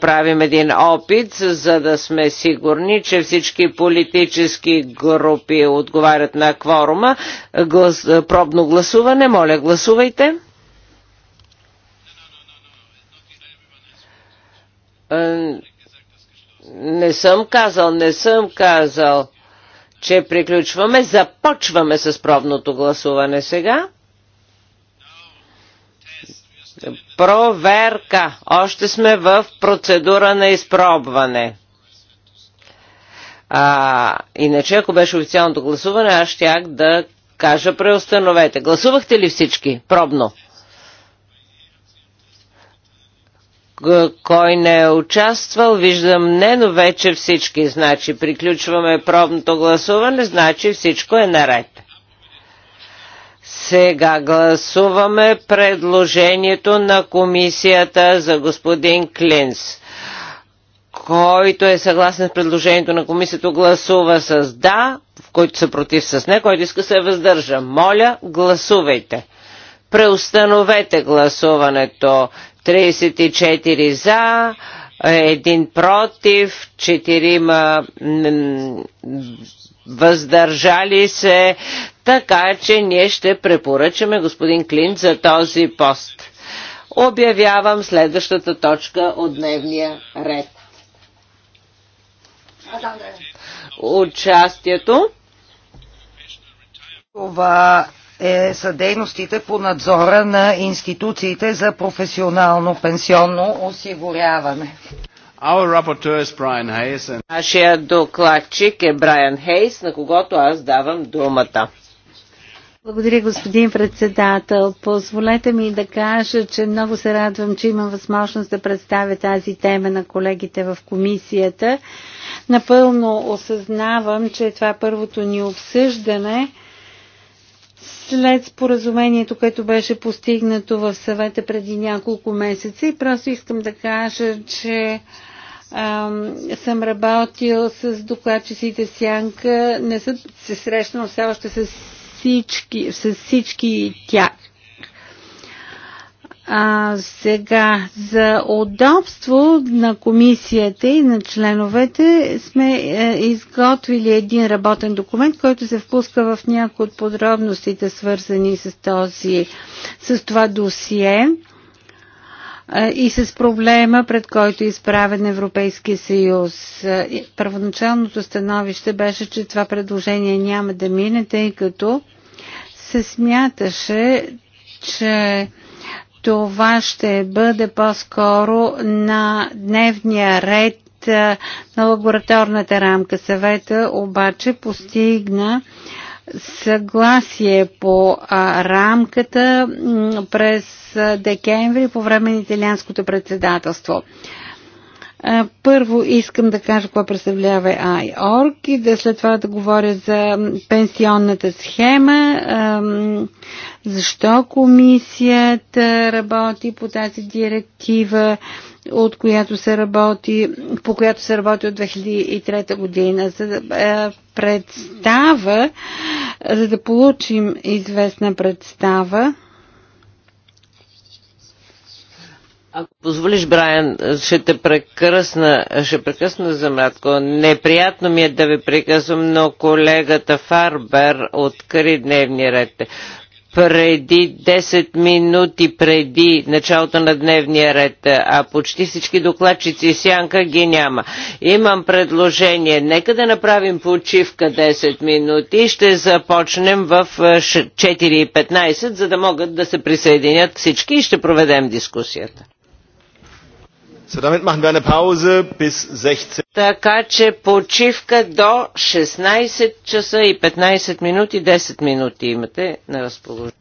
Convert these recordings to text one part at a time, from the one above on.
правим един опит, за да сме сигурни, че всички политически групи отговарят на кворума. Глас, пробно гласуване, моля гласувайте. Е, не съм казал, не съм казал, че приключваме. Започваме с пробното гласуване сега. Проверка. Още сме в процедура на изпробване. А, иначе, ако беше официалното гласуване, аз щях да кажа преустановете. Гласувахте ли всички? Пробно. Кой не е участвал, виждам не, но вече всички. Значи приключваме пробното гласуване, значи всичко е наред. Сега гласуваме предложението на комисията за господин Клинс. Който е съгласен с предложението на комисията, гласува с да, в който са против с не, който иска се въздържа. Моля, гласувайте. Преустановете гласуването. 34 за, 1 против, четирима въздържали се, така че ние ще препоръчаме господин Клинт за този пост. Обявявам следващата точка от дневния ред. Участието. Това е, са дейностите по надзора на институциите за професионално пенсионно осигуряване. Нашия докладчик е Брайан Хейс, на когото аз давам думата. Благодаря, господин председател. Позволете ми да кажа, че много се радвам, че имам възможност да представя тази тема на колегите в комисията. Напълно осъзнавам, че това е първото ни обсъждане след споразумението, което беше постигнато в съвета преди няколко месеца. И просто искам да кажа, че съм работил с докладчиците Сянка, не съм се срещнал все още с всички, с всички тях. А, сега, за удобство на комисията и на членовете сме е, изготвили един работен документ, който се впуска в някои от подробностите, свързани с, този, с това досие и с проблема, пред който е изправен Европейския съюз. Първоначалното становище беше, че това предложение няма да мине, тъй като се смяташе, че това ще бъде по-скоро на дневния ред на лабораторната рамка. Съвета обаче постигна съгласие по а, рамката през декември по време на италианското председателство. Първо искам да кажа какво представлява IORG и да след това да говоря за пенсионната схема, защо комисията работи по тази директива, от която се работи, по която се работи от 2003 година, за да представа, за да получим известна представа Ако позволиш, Брайан, ще те прекъсна ще прекъсна за мратко. Неприятно ми е да ви прекъсвам, но колегата Фарбер откри дневни ред. Преди 10 минути преди началото на дневния ред, а почти всички докладчици и сянка ги няма. Имам предложение. Нека да направим почивка 10 минути и ще започнем в 4.15, за да могат да се присъединят всички и ще проведем дискусията. Така че почивка до 16 часа и 15 минути, 10 минути имате на разположение.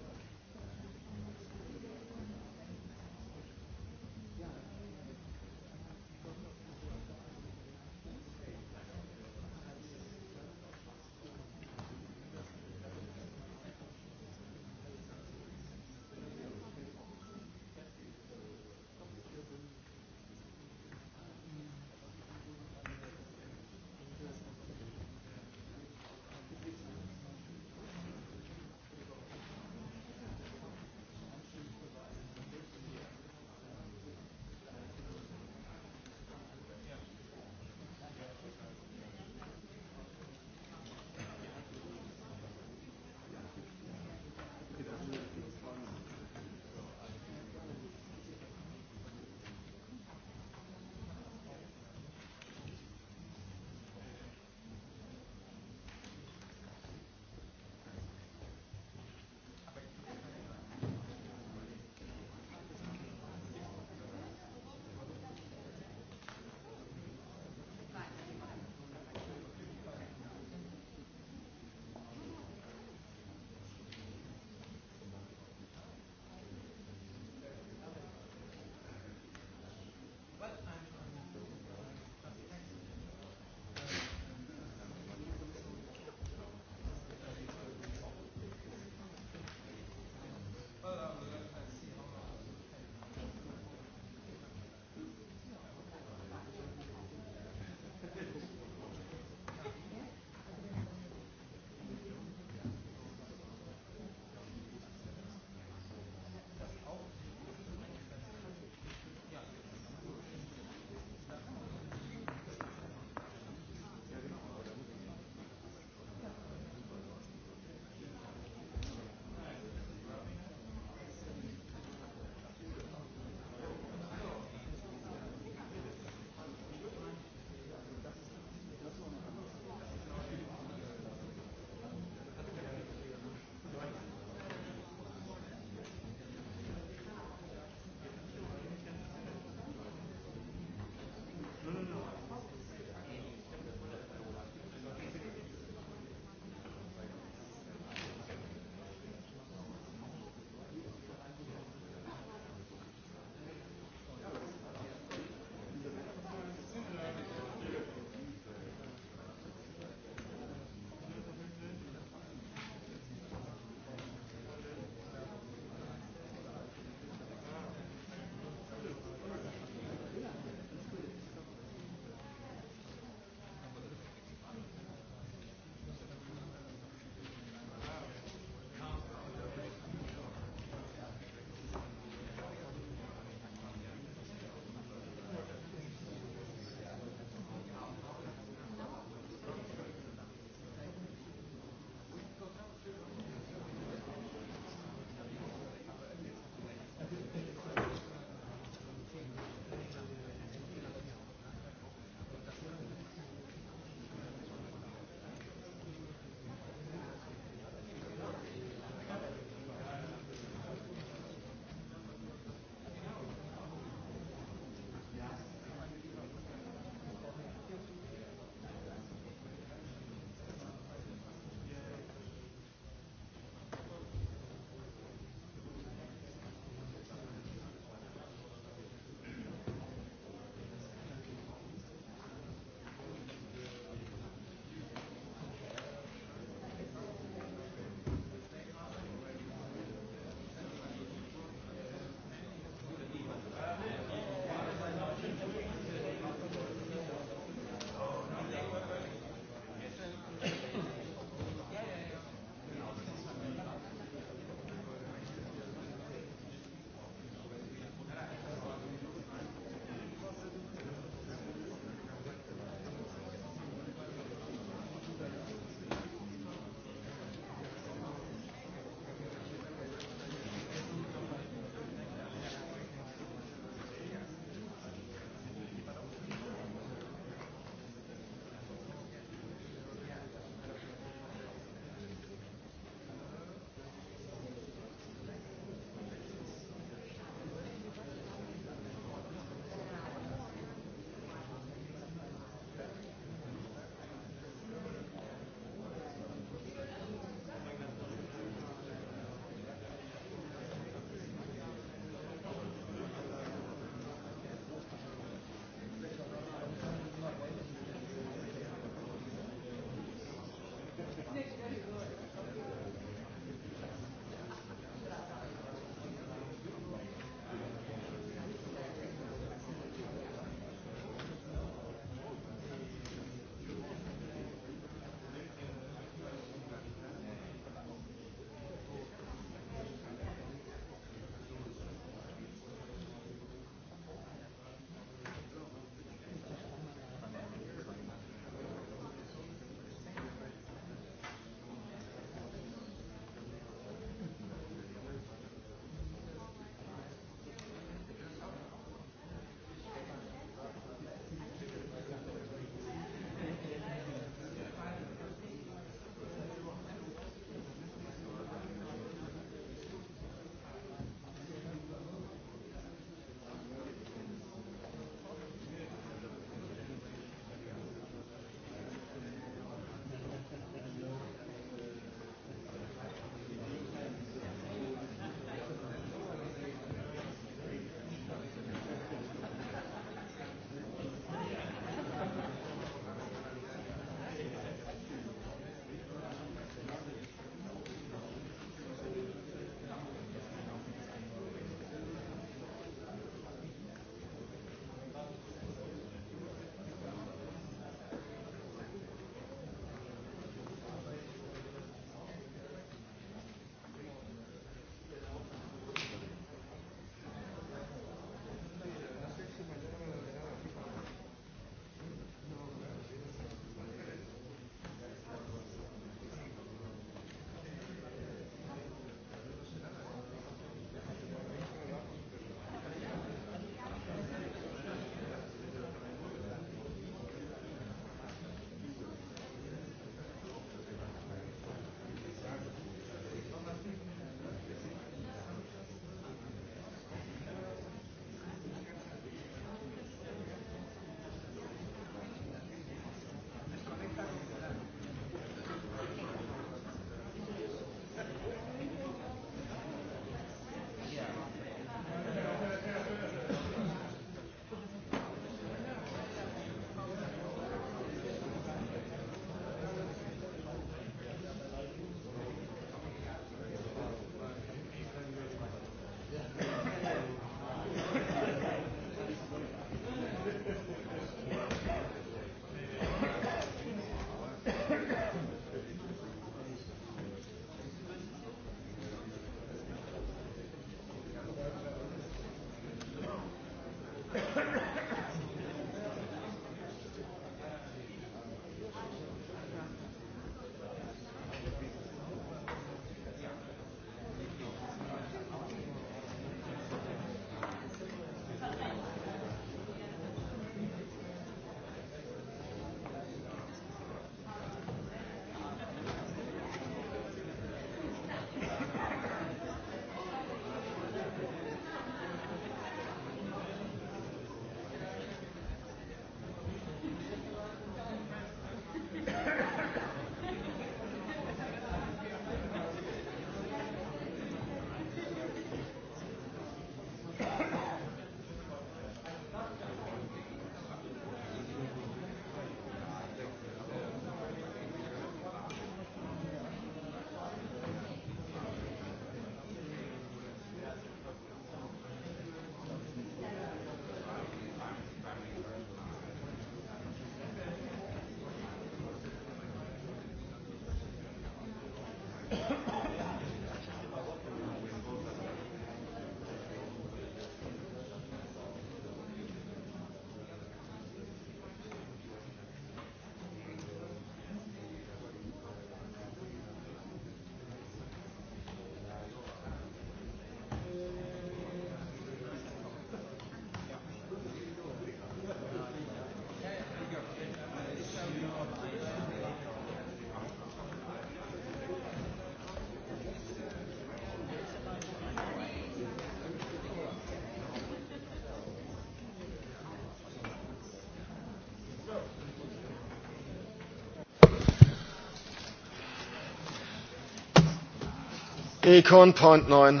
Econ Point 9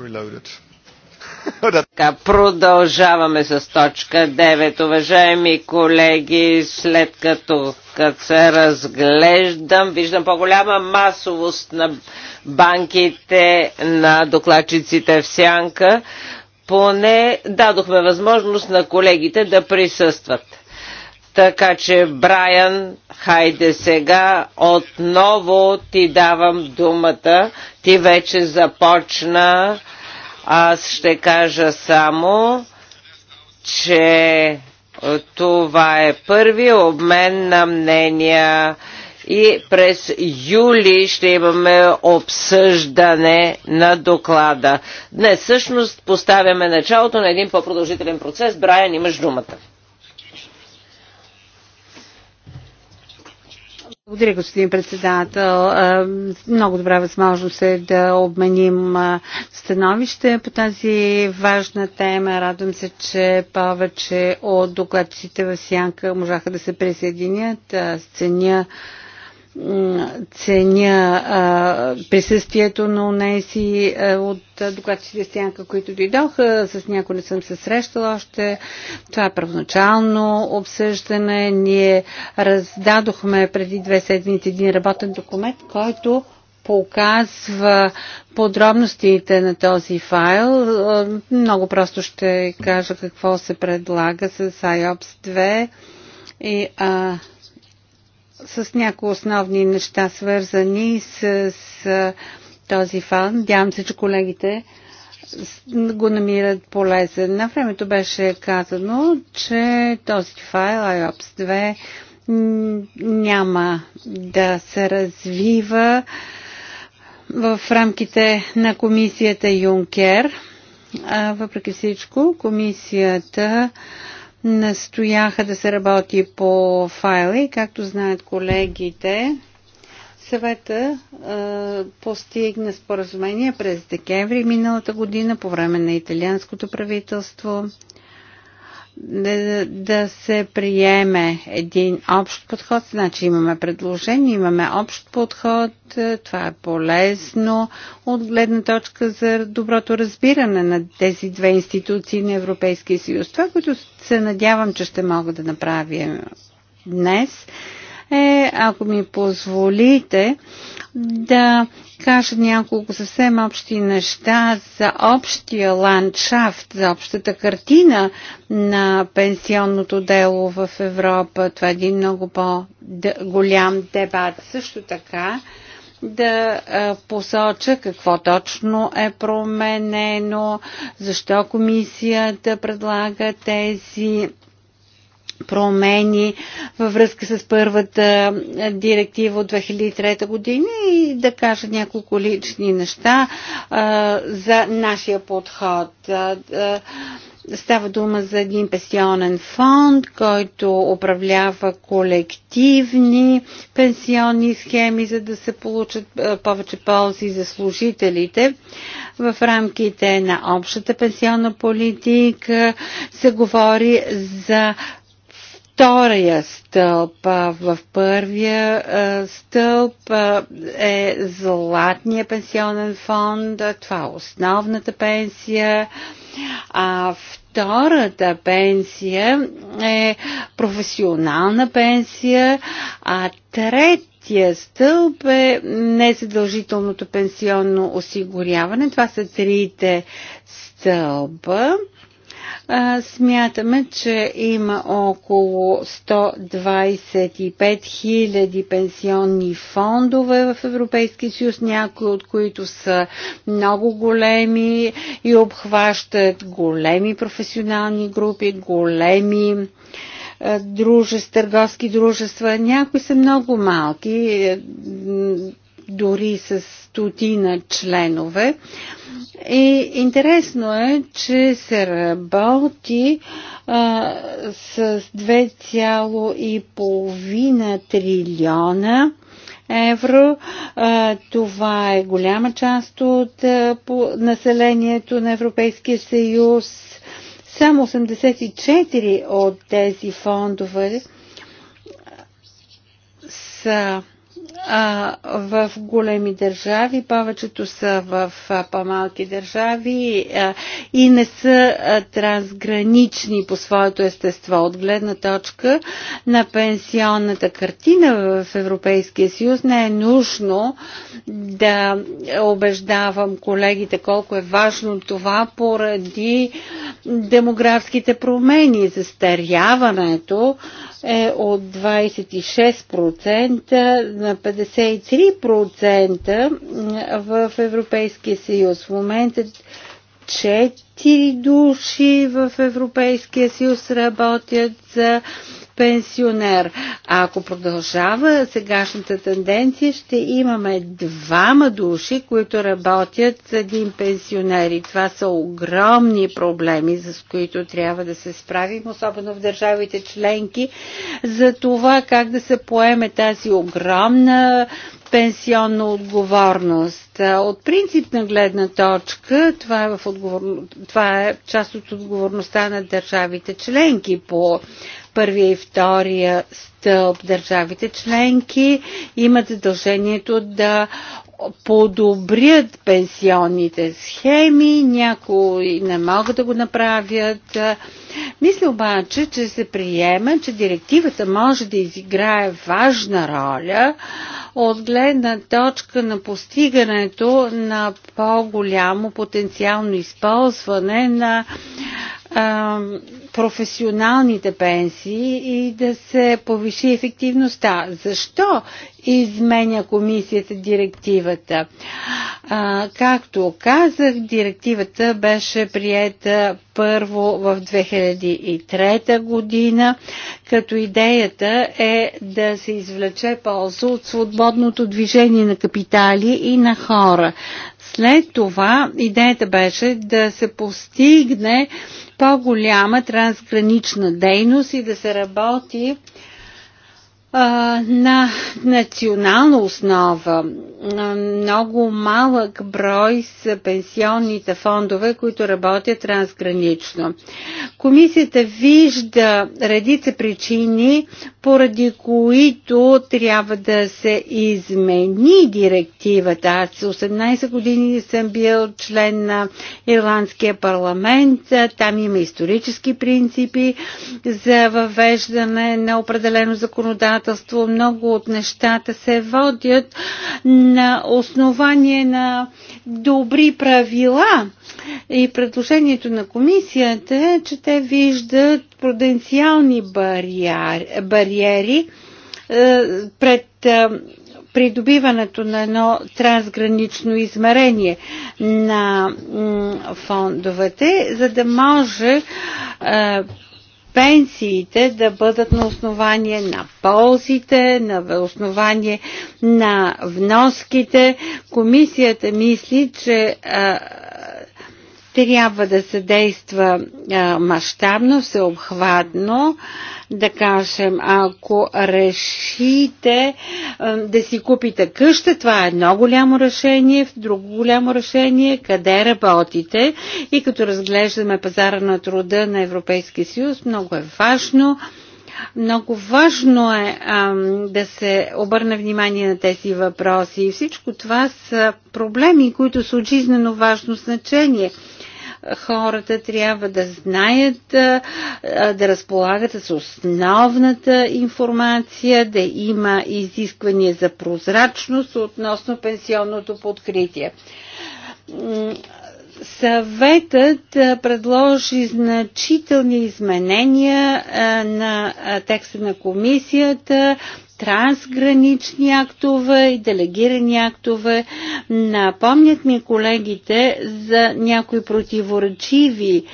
Reloaded. Така, продължаваме с точка 9. Уважаеми колеги, след като, като се разглеждам, виждам по-голяма масовост на банките, на докладчиците в сянка. Поне дадохме възможност на колегите да присъстват. Така че, Брайан, хайде сега, отново ти давам думата. Ти вече започна. Аз ще кажа само, че е, това е първи обмен на мнения и през юли ще имаме обсъждане на доклада. Днес всъщност поставяме началото на един по-продължителен процес. Брайан, имаш думата. Благодаря, господин председател. Много добра възможност е да обменим становище по тази важна тема. Радвам се, че повече от докладчите в Сянка можаха да се присъединят. Сценя ценя а, присъствието на унеси от докладчите сянка, които дойдоха. С някои не съм се срещала още. Това е първоначално обсъждане. Ние раздадохме преди две седмици един работен документ, който показва подробностите на този файл. Много просто ще кажа какво се предлага с IOPS 2 и а, с някои основни неща, свързани с, с този фан. Надявам се, че колегите го намират полезен. На времето беше казано, че този файл IOPS 2 няма да се развива в рамките на комисията Юнкер. Въпреки всичко, комисията настояха да се работи по файли. Както знаят колегите, съвета а, е, постигна споразумение през декември миналата година по време на италианското правителство да, да се приеме един общ подход. Значи имаме предложение, имаме общ подход, това е полезно от гледна точка за доброто разбиране на тези две институции на Европейския съюз. Това, което се надявам, че ще мога да направя днес, е, ако ми позволите, да кажа няколко съвсем общи неща за общия ландшафт, за общата картина на пенсионното дело в Европа. Това е един много по-голям дебат. Също така, да посоча какво точно е променено, защо комисията предлага тези промени във връзка с първата директива от 2003 година и да кажа няколко лични неща а, за нашия подход. А, а, Става дума за един пенсионен фонд, който управлява колективни пенсионни схеми, за да се получат повече ползи за служителите. В рамките на общата пенсионна политика се говори за втория стълб. В първия стълб е златния пенсионен фонд, това е основната пенсия, а втората пенсия е професионална пенсия, а трет Третия стълб е незадължителното пенсионно осигуряване. Това са трите стълба. Смятаме, че има около 125 000 пенсионни фондове в Европейския съюз, някои от които са много големи и обхващат големи професионални групи, големи дружества, търговски дружества. Някои са много малки, дори с стотина членове. И интересно е, че се работи а, с 2,5 трилиона евро. А, това е голяма част от а, по, населението на Европейския съюз. Само 84 от тези фондове са а, в големи държави, повечето са в по-малки държави а, и не са а, трансгранични по своето естество. От гледна точка на пенсионната картина в Европейския съюз не е нужно да убеждавам колегите колко е важно това поради демографските промени, застаряването е от 26% на 53% в Европейския съюз. В момента 4 души в Европейския съюз работят за пенсионер. А ако продължава сегашната тенденция, ще имаме двама души, които работят с един пенсионер. И това са огромни проблеми, с които трябва да се справим, особено в държавите членки, за това как да се поеме тази огромна пенсионна отговорност. От принципна гледна точка, това е, в отговор... това е част от отговорността на държавите членки по първия и втория стълб държавите членки имат задължението да подобрят пенсионните схеми, някои не могат да го направят. Мисля обаче, че се приема, че директивата може да изиграе важна роля от гледна точка на постигането на по-голямо потенциално използване на а, професионалните пенсии и да се повиши ефективността. Защо изменя комисията директивата? А, както казах, директивата беше приета първо в 2003 година, като идеята е да се извлече полза от свободното движение на капитали и на хора. След това идеята беше да се постигне по-голяма трансгранична дейност и да се работи на национална основа. Много малък брой са пенсионните фондове, които работят трансгранично. Комисията вижда редица причини, поради които трябва да се измени директивата. Аз 18 години съм бил член на Ирландския парламент. Там има исторически принципи за въвеждане на определено законодателство законодателство. Много от нещата се водят на основание на добри правила. И предложението на комисията е, че те виждат пруденциални бариери, бариери пред е, придобиването на едно трансгранично измерение на фондовете, за да може е, пенсиите да бъдат на основание на ползите, на основание на вноските. Комисията мисли, че а, трябва да се действа мащабно, всеобхватно, да кажем, ако решите да си купите къща, това е едно голямо решение, в друго голямо решение, къде работите и като разглеждаме пазара на труда на Европейския съюз, много е важно много важно е а, да се обърне внимание на тези въпроси. И всичко това са проблеми, които са от жизнено важно значение хората трябва да знаят, да разполагат с основната информация, да има изисквания за прозрачност относно пенсионното подкритие. Съветът предложи значителни изменения на текста на комисията трансгранични актове и делегирани актове. Напомнят ми колегите за някои противоречиви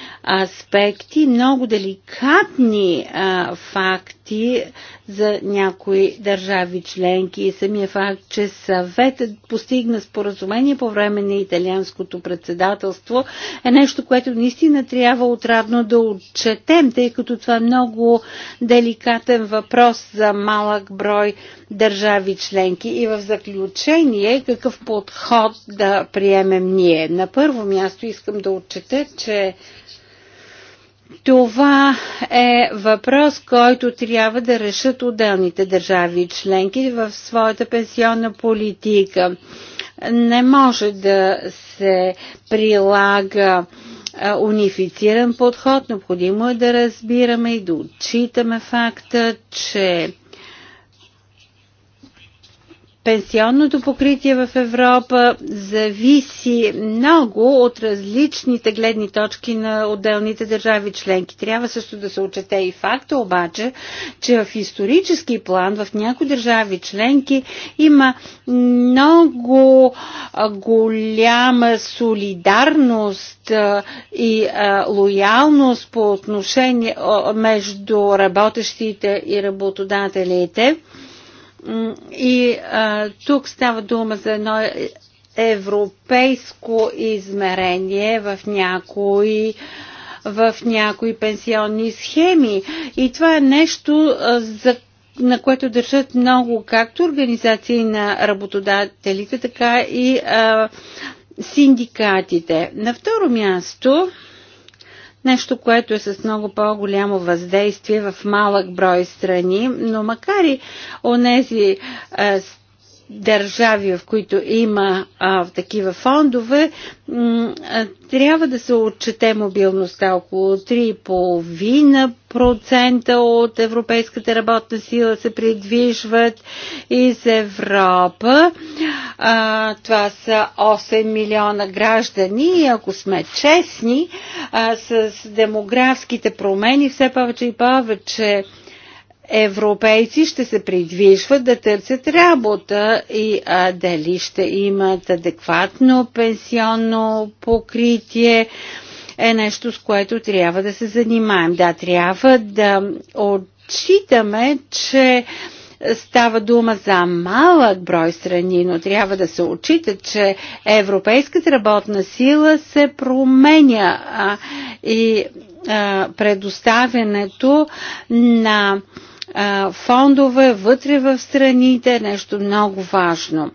аспекти, много деликатни а, факти, за някои държави членки и самия факт, че съветът постигна споразумение по време на италианското председателство е нещо, което наистина трябва отрадно да отчетем, тъй като това е много деликатен въпрос за малък брой държави членки. И в заключение, какъв подход да приемем ние? На първо място искам да отчета, че това е въпрос, който трябва да решат отделните държави и членки в своята пенсионна политика. Не може да се прилага унифициран подход, необходимо е да разбираме и да отчитаме факта, че Пенсионното покритие в Европа зависи много от различните гледни точки на отделните държави членки. Трябва също да се отчете и факта обаче, че в исторически план в някои държави членки има много голяма солидарност и лоялност по отношение между работещите и работодателите и а, тук става дума за едно европейско измерение в някои в някои пенсионни схеми. И това е нещо, за на което държат много както организации на работодателите, така и а, синдикатите. На второ място, нещо, което е с много по-голямо въздействие в малък брой страни, но макар и онези държави, в които има а, в такива фондове, трябва да се отчете мобилността около 3,5% от европейската работна сила се придвижват из Европа. А, това са 8 милиона граждани и ако сме честни а, с демографските промени, все повече и повече европейци ще се придвижват да търсят работа и а, дали ще имат адекватно пенсионно покритие е нещо, с което трябва да се занимаем. Да, трябва да отчитаме, че става дума за малък брой страни, но трябва да се отчита, че европейската работна сила се променя а, и а, предоставянето на а, фондове вътре в страните, е нещо много важно.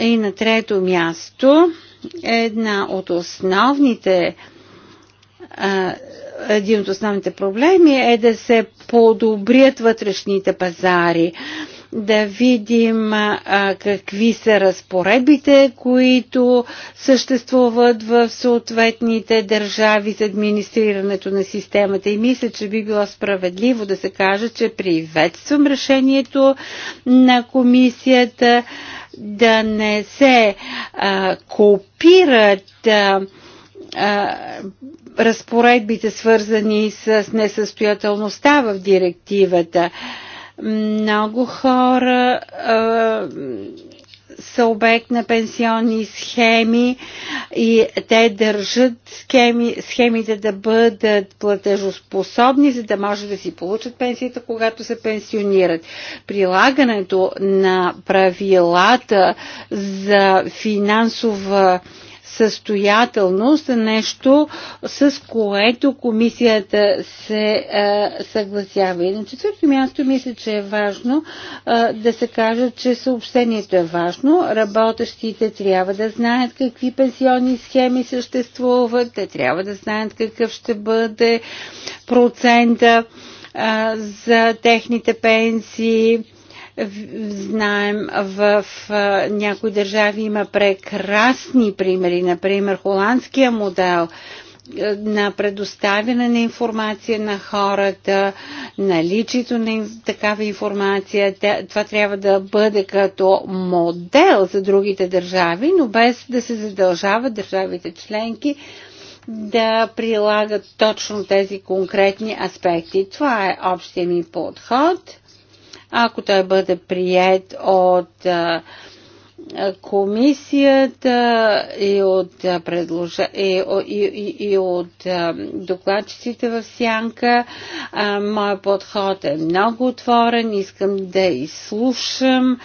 И на трето място, една от основните един от основните проблеми е да се подобрят вътрешните пазари да видим а, какви са разпоредбите, които съществуват в съответните държави за администрирането на системата. И мисля, че би било справедливо да се каже, че приветствам решението на комисията да не се а, копират а, разпоредбите, свързани с несъстоятелността в директивата. А, много хора са обект на пенсионни схеми и те държат схеми, схемите да бъдат платежоспособни, за да може да си получат пенсията, когато се пенсионират. Прилагането на правилата за финансова състоятелност нещо, с което комисията се а, е, съгласява. И на четвърто място мисля, че е важно а, е, да се каже, че съобщението е важно. Работещите трябва да знаят какви пенсионни схеми съществуват, те трябва да знаят какъв ще бъде процента а, е, за техните пенсии Знаем, в някои държави има прекрасни примери, например холандския модел на предоставяне на информация на хората, наличието на такава информация. Това трябва да бъде като модел за другите държави, но без да се задължават държавите членки да прилагат точно тези конкретни аспекти. Това е общия ми подход – ако той бъде прият от комисията и от, предложа, и, и, и, и от докладчиците в Сянка. Моят подход е много отворен. Искам да изслушам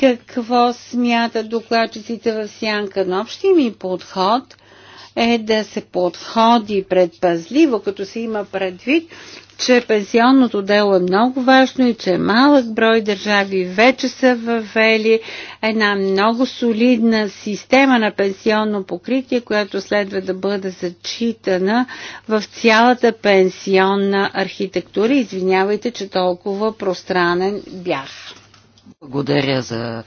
какво смятат докладчиците в Сянка. Но общия ми подход е да се подходи предпазливо, като се има предвид, че пенсионното дело е много важно и че малък брой държави вече са въвели една много солидна система на пенсионно покритие, която следва да бъде зачитана в цялата пенсионна архитектура. Извинявайте, че толкова пространен бях. Благодаря за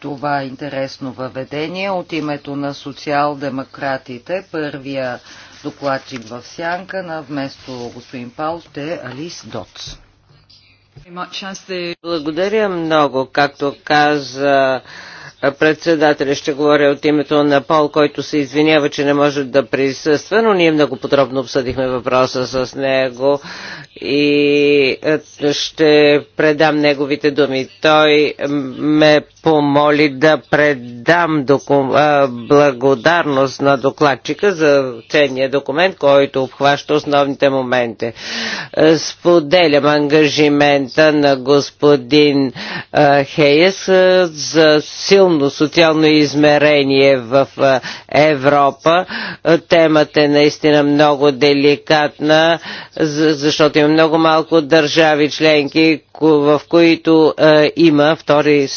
това интересно въведение. От името на социал-демократите първия докладчик в сянка на вместо господин Паул ще Алис Доц. Благодаря много, както каза Председателя ще говоря от името на Пол, който се извинява, че не може да присъства, но ние много подробно обсъдихме въпроса с него и е, ще предам неговите думи. Той ме помоли да предам доку... Е, благодарност на докладчика за ценния документ, който обхваща основните моменти. Е, споделям ангажимента на господин Хейес за силно силно социално измерение в Европа. Темата е наистина много деликатна, защото има много малко държави членки, в които е, има втори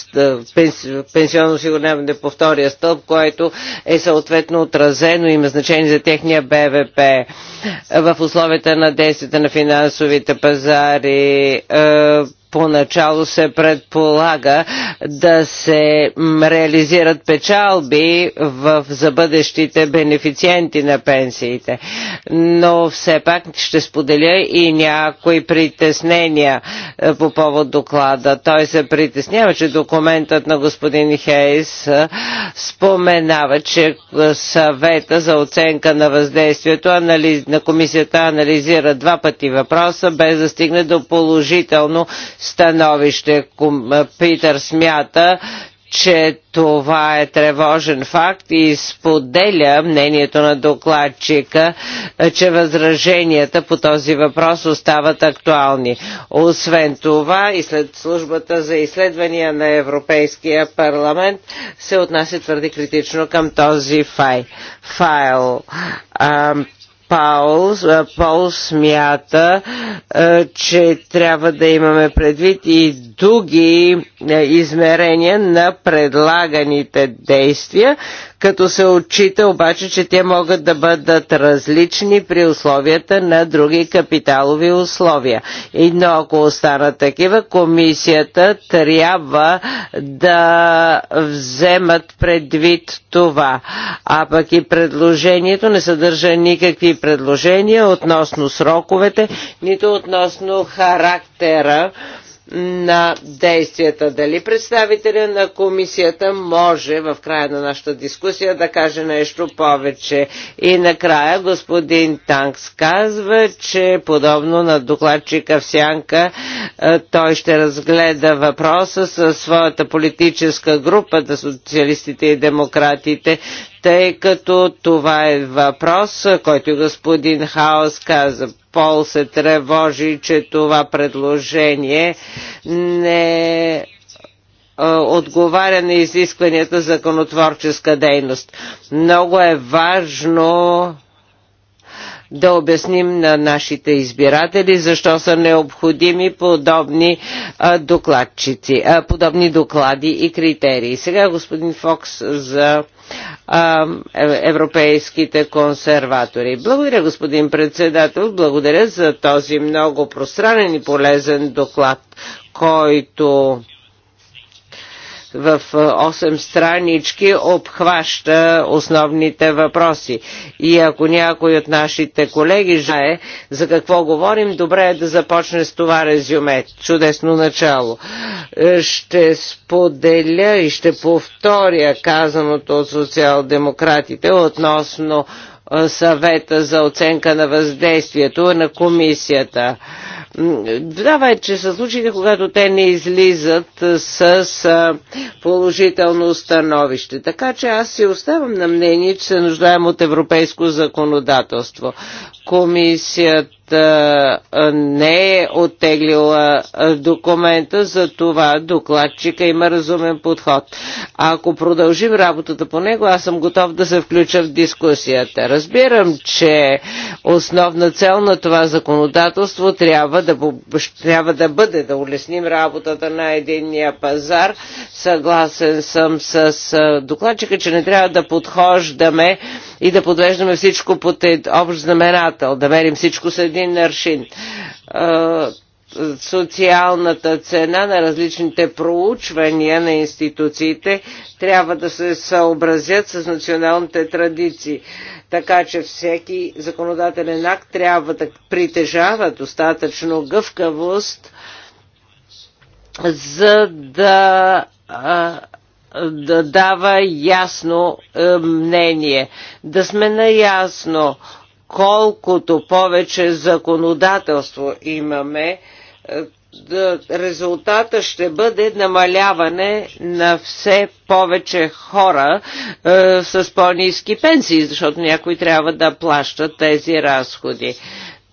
пенси, пенсионно осигуряване по втория стълб, който е съответно отразено и има значение за техния БВП. В условията на действията на финансовите пазари е, поначало се предполага да се реализират печалби в, за бъдещите бенефициенти на пенсиите. Но все пак ще споделя и някои притеснения е, по повод доклада. Той се притеснява, че документът на господин Хейс е, споменава, че е, съвета за оценка на въздействието анализ, на комисията анализира два пъти въпроса, без да стигне до положително становище. Питър смята, че това е тревожен факт и споделя мнението на докладчика, че възраженията по този въпрос остават актуални. Освен това и след службата за изследвания на Европейския парламент се отнася твърде критично към този файл. А, Паул, Пол смята, че трябва да имаме предвид и други е, измерения на предлаганите действия, като се отчита обаче, че те могат да бъдат различни при условията на други капиталови условия. И но ако останат такива, комисията трябва да вземат предвид това. А пък и предложението не съдържа никакви предложения относно сроковете, нито относно характера на действията. Дали представителя на комисията може в края на нашата дискусия да каже нещо повече. И накрая господин Танкс казва, че подобно на докладчика в Сянка, е, той ще разгледа въпроса със своята политическа група на социалистите и демократите, тъй като това е въпрос, който господин Хаос каза. Пол се тревожи, че това предложение не отговаря на изискванията за законотворческа дейност. Много е важно да обясним на нашите избиратели защо са необходими подобни докладчици, подобни доклади и критерии. Сега господин Фокс за е, европейските консерватори. Благодаря, господин председател, благодаря за този много пространен и полезен доклад, който в 8 е, странички обхваща основните въпроси. И ако някой от нашите колеги знае за какво говорим, добре е да започне с това резюме. Чудесно начало. Е, ще споделя и ще повторя казаното от социал-демократите относно съвета за оценка на въздействието на комисията. Да, вече са случаите, когато те не излизат с положително становище. Така че аз си оставам на мнение, че се нуждаем от европейско законодателство. Комисията не е оттеглила документа, за това докладчика има разумен подход. Ако продължим работата по него, аз съм готов да се включа в дискусията. Разбирам, че основна цел на това законодателство трябва да, трябва да бъде да улесним работата на единния пазар. Съгласен съм с докладчика, че не трябва да подхождаме и да подвеждаме всичко под общ знаменател, да мерим всичко с един наршин. социалната цена на различните проучвания на институциите трябва да се съобразят с националните традиции. Така че всеки законодателен акт трябва да притежава достатъчно гъвкавост, за да да дава ясно е, мнение, да сме наясно колкото повече законодателство имаме, е, резултата ще бъде намаляване на все повече хора е, с по-низки пенсии, защото някои трябва да плащат тези разходи.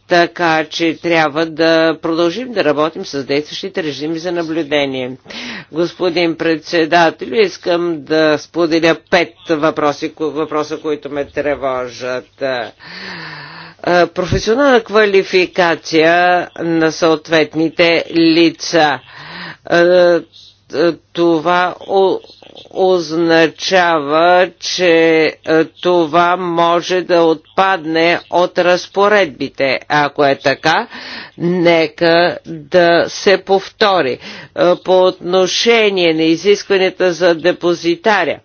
Така че трябва да продължим да работим с действащите режими за наблюдение. Господин председател, искам да споделя пет въпроси, въпроса, които ме тревожат професионална квалификация на съответните лица. Е, това означава, че е, това може да отпадне от разпоредбите. Ако е така, нека да се повтори. Е, по отношение на изискванията за депозитаря,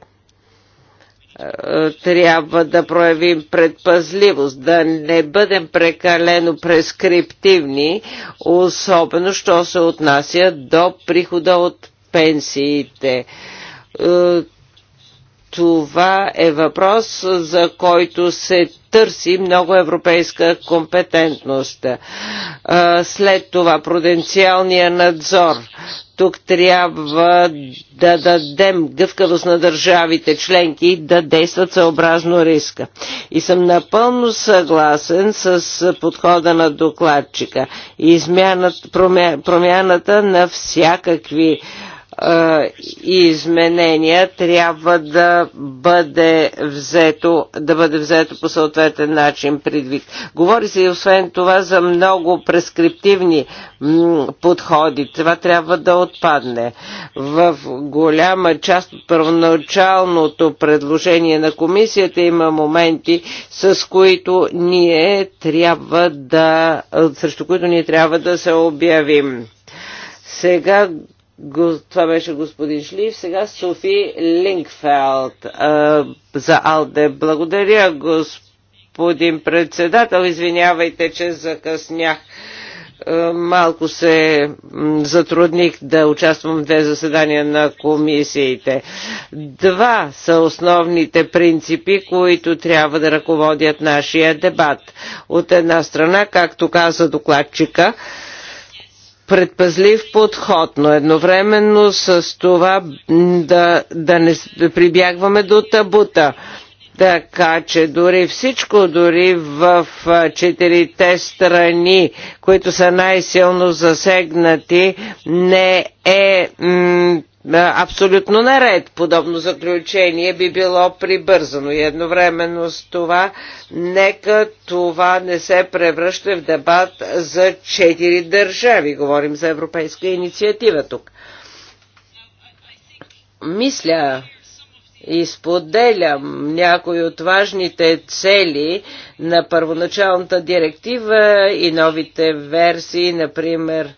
трябва да проявим предпазливост, да не бъдем прекалено прескриптивни, особено що се отнася до прихода от пенсиите. Е, това е въпрос, за който се търси много европейска компетентност. Е, след това пруденциалния надзор. Тук трябва да дадем гъвкавост на държавите членки да действат съобразно риска. И съм напълно съгласен с подхода на докладчика. Измяната, промяната на всякакви и изменения трябва да бъде взето, да бъде взето по съответен начин предвид. Говори се и освен това за много прескриптивни подходи. Това трябва да отпадне. В голяма част от първоначалното предложение на комисията има моменти, с които ние трябва да, срещу които ние трябва да се обявим. Сега го, това беше господин Шлив. Сега Софи Линкфелд а, за Алде. Благодаря, господин председател. Извинявайте, че закъснях малко се затрудних да участвам в две заседания на комисиите. Два са основните принципи, които трябва да ръководят нашия дебат. От една страна, както каза докладчика, предпазлив подход, но едновременно с това да, да не прибягваме до табута. Така че дори всичко, дори в четирите страни, които са най-силно засегнати, не е абсолютно наред. Подобно заключение би било прибързано и едновременно с това нека това не се превръща в дебат за четири държави. Говорим за европейска инициатива тук. Мисля, и споделям някои от важните цели на първоначалната директива и новите версии, например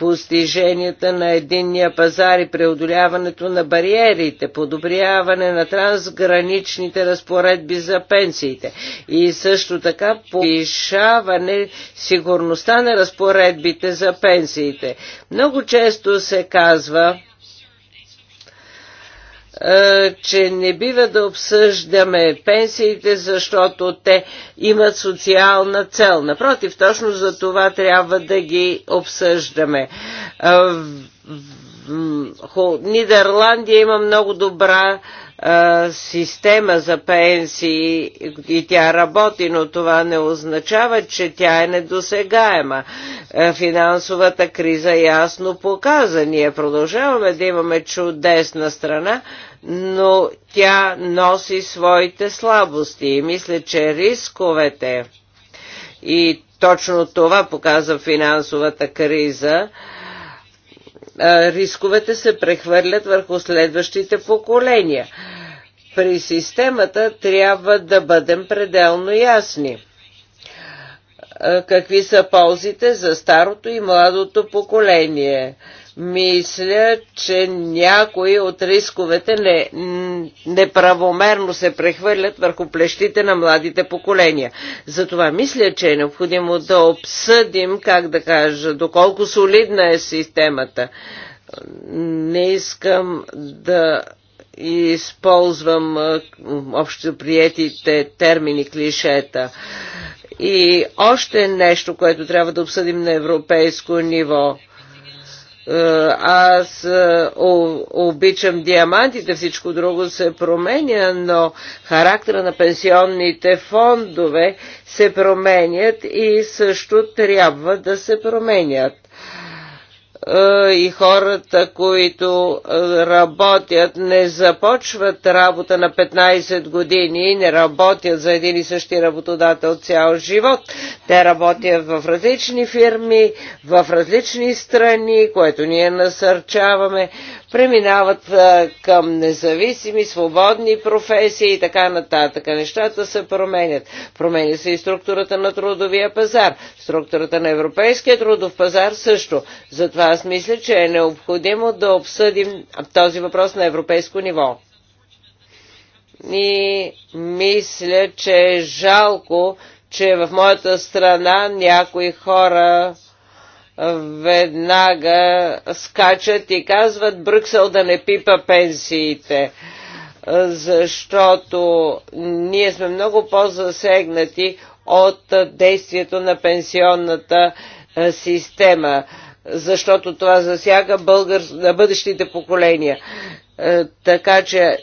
постиженията на единния пазар и преодоляването на бариерите, подобряване на трансграничните разпоредби за пенсиите и също така повишаване сигурността на разпоредбите за пенсиите. Много често се казва, че не бива да обсъждаме пенсиите, защото те имат социална цел. Напротив, точно за това трябва да ги обсъждаме. Нидерландия има много добра система за пенсии и тя работи, но това не означава, че тя е недосегаема. Финансовата криза ясно показа. Ние продължаваме да имаме чудесна страна, но тя носи своите слабости и мисля, че рисковете и точно това показа финансовата криза, рисковете се прехвърлят върху следващите поколения. При системата трябва да бъдем пределно ясни какви са ползите за старото и младото поколение. Мисля, че някои от рисковете не, неправомерно се прехвърлят върху плещите на младите поколения. Затова мисля, че е необходимо да обсъдим, как да кажа, доколко солидна е системата. Не искам да използвам общо термини, клишета. И още нещо, което трябва да обсъдим на европейско ниво е, аз е, обичам диамантите, всичко друго се променя, но характера на пенсионните фондове се променят и също трябва да се променят. Е, и хората, които е, работят, не започват работа на 15 години и не работят за един и същи работодател цял живот. Те работят в различни фирми, в различни страни, което ние насърчаваме, преминават е, към независими, свободни професии и така нататък. Нещата се променят. Променя се и структурата на трудовия пазар. Структурата на европейския трудов пазар също. Затова аз мисля, че е необходимо да обсъдим този въпрос на европейско ниво. И мисля, че е жалко, че в моята страна някои хора веднага скачат и казват Брюксел да не пипа пенсиите, защото ние сме много по-засегнати от действието на пенсионната система защото това засяга българ... на бъдещите поколения. Е, така че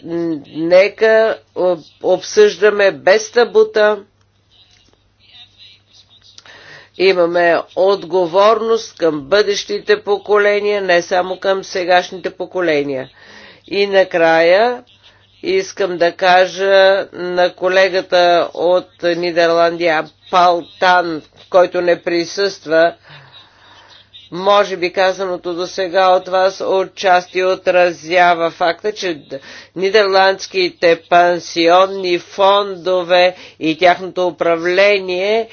нека обсъждаме без табута. Имаме отговорност към бъдещите поколения, не само към сегашните поколения. И накрая искам да кажа на колегата от Нидерландия Палтан, който не присъства, може би казаното до сега от вас отчасти отразява факта, че нидерландските пансионни фондове и тяхното управление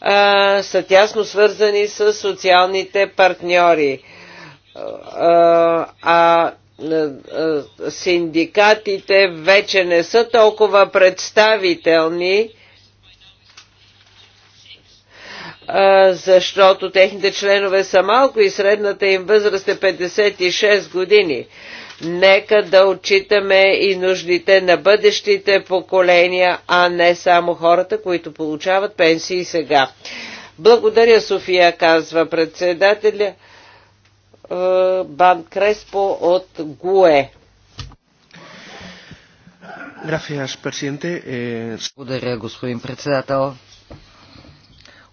а, са тясно свързани с социалните партньори. А, а синдикатите вече не са толкова представителни защото техните членове са малко и средната им възраст е 56 години. Нека да отчитаме и нуждите на бъдещите поколения, а не само хората, които получават пенсии сега. Благодаря, София, казва председателя Бан Креспо от ГУЕ. Благодаря, господин председател.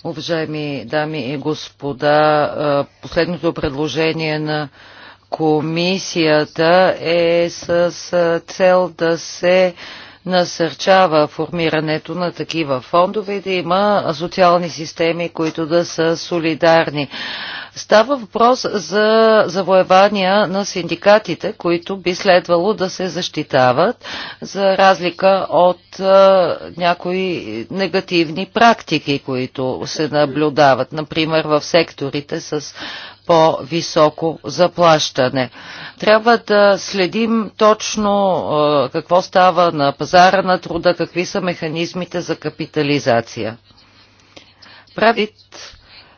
Уважаеми дами и господа, последното предложение на комисията е с цел да се насърчава формирането на такива фондове, да има социални системи, които да са солидарни. Става въпрос за завоевания на синдикатите, които би следвало да се защитават, за разлика от а, някои негативни практики, които се наблюдават, например в секторите с по-високо заплащане. Трябва да следим точно какво става на пазара на труда, какви са механизмите за капитализация. Правит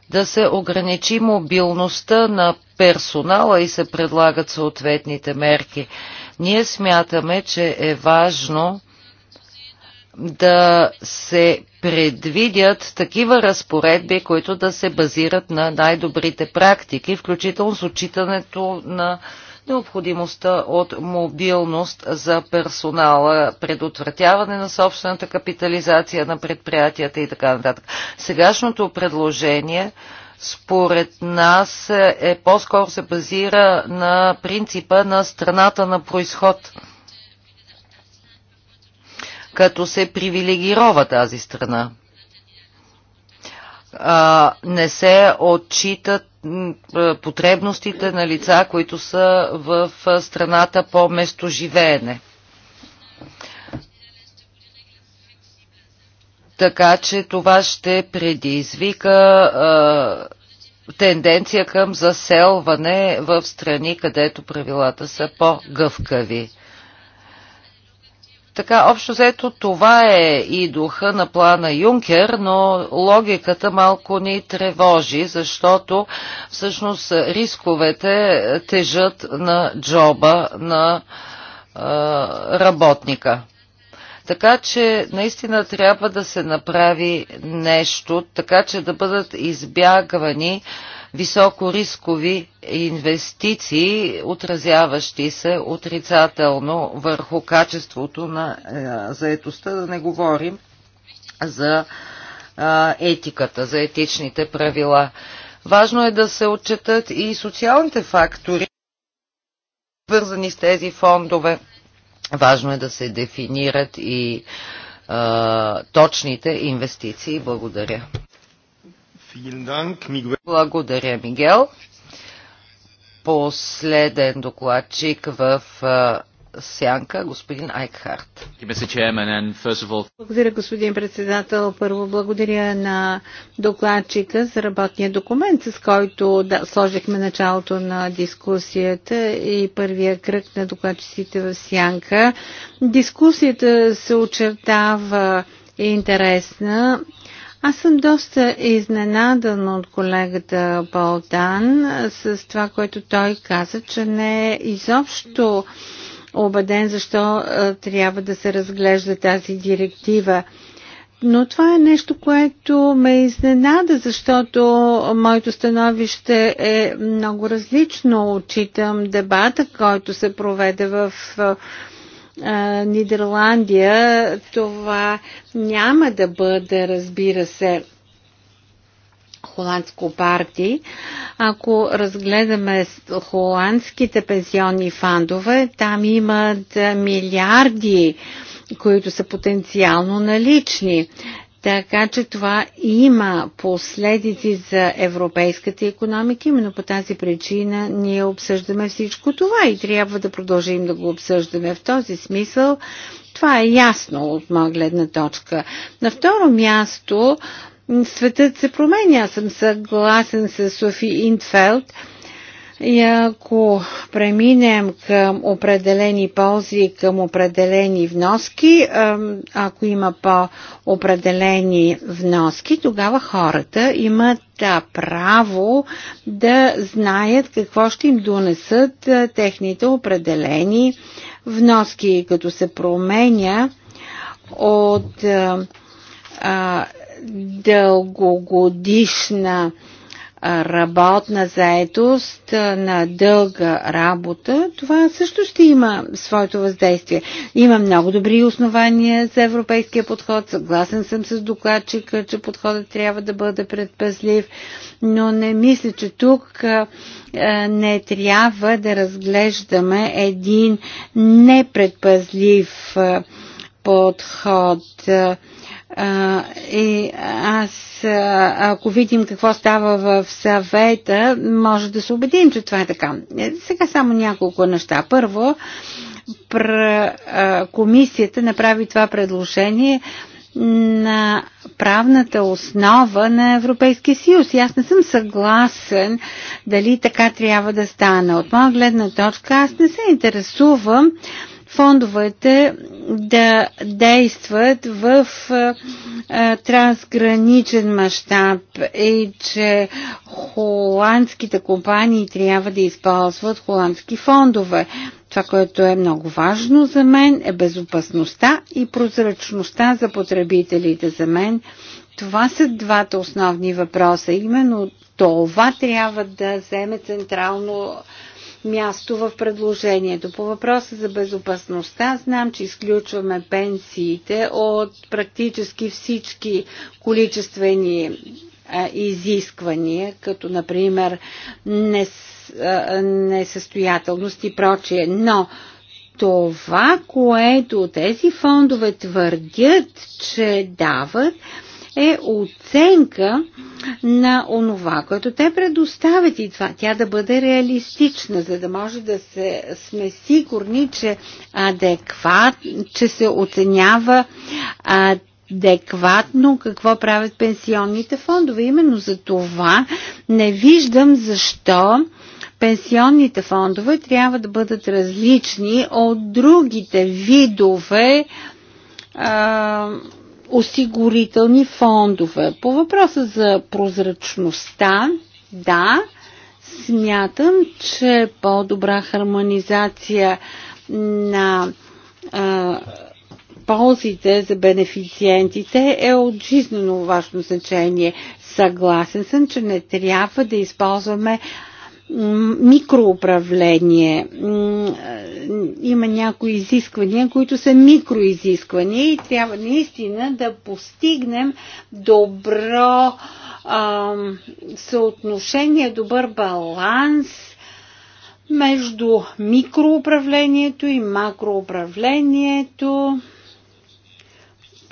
да се ограничи мобилността на персонала и се предлагат съответните мерки. Ние смятаме, че е важно да се предвидят такива разпоредби, които да се базират на най-добрите практики, включително с отчитането на необходимостта от мобилност за персонала, предотвратяване на собствената капитализация на предприятията и така нататък. Сегашното предложение според нас е по-скоро се базира на принципа на страната на происход като се привилегирова тази страна. не се отчитат потребностите на лица, които са в страната по местоживеене. Така че това ще предизвика тенденция към заселване в страни, където правилата са по-гъвкави. Така, общо взето, това е и духа на плана Юнкер, но логиката малко ни тревожи, защото всъщност рисковете тежат на джоба на е, работника. Така че наистина трябва да се направи нещо, така че да бъдат избягвани е, високорискови инвестиции, отразяващи се отрицателно върху качеството на е, заетостта, да не говорим за е, етиката, за етичните правила. Важно е да се отчетат и социалните фактори, свързани с тези фондове. Важно е да се дефинират и а, е, точните инвестиции. Благодаря. Благодаря, Мигел. Последен докладчик в сянка, господин Айкхарт. Благодаря, господин председател. Първо благодаря на докладчика за работния документ, с който да, сложихме началото на дискусията и първия кръг на докладчиците в сянка. Дискусията се очертава е интересна аз съм доста изненадан от колегата Балдан с това, което той каза, че не е изобщо убеден защо трябва да се разглежда тази директива. Но това е нещо, което ме изненада, защото моето становище е много различно. Отчитам дебата, който се проведе в Нидерландия това няма да бъде, разбира се, холандско парти. Ако разгледаме холандските пенсионни фандове, там имат милиарди които са потенциално налични. Така че това има последици за европейската економика. Именно по тази причина ние обсъждаме всичко това и трябва да продължим да го обсъждаме. В този смисъл това е ясно от моя гледна точка. На второ място светът се променя. Аз съм съгласен с Софи Инфелд. И ако преминем към определени ползи, към определени вноски, ако има по-определени вноски, тогава хората имат право да знаят какво ще им донесат техните определени вноски, като се променя от дългогодишна а, работна заетост, на дълга работа, това също ще има своето въздействие. Има много добри основания за европейския подход. Съгласен съм с докладчика, че подходът трябва да бъде предпазлив, но не мисля, че тук не трябва да разглеждаме един непредпазлив подход и аз, ако видим какво става в съвета, може да се убедим, че това е така. Е, сега само няколко неща. Първо, пр, комисията направи това предложение на правната основа на Европейския съюз. И аз не съм съгласен дали така трябва да стане. От моя гледна точка аз не се интересувам фондовете да действат в трансграничен мащаб и че холандските компании трябва да използват холандски фондове. Това, което е много важно за мен е безопасността и прозрачността за потребителите. За мен това са двата основни въпроса. Именно това трябва да вземе централно място в предложението. По въпроса за безопасността знам, че изключваме пенсиите от практически всички количествени изисквания, като например несъстоятелност и прочие. Но това, което тези фондове твърдят, че дават, е оценка на онова, което те предоставят и това тя да бъде реалистична, за да може да се, сме сигурни, че адекват, че се оценява адекватно какво правят пенсионните фондове. Именно за това не виждам защо пенсионните фондове трябва да бъдат различни от другите видове а, осигурителни фондове. По въпроса за прозрачността, да, смятам, че по-добра хармонизация на а, ползите за бенефициентите е от жизнено важно значение. Съгласен съм, че не трябва да използваме микроуправление. Има някои изисквания, които са микроизисквания и трябва наистина да постигнем добро а, съотношение, добър баланс между микроуправлението и макроуправлението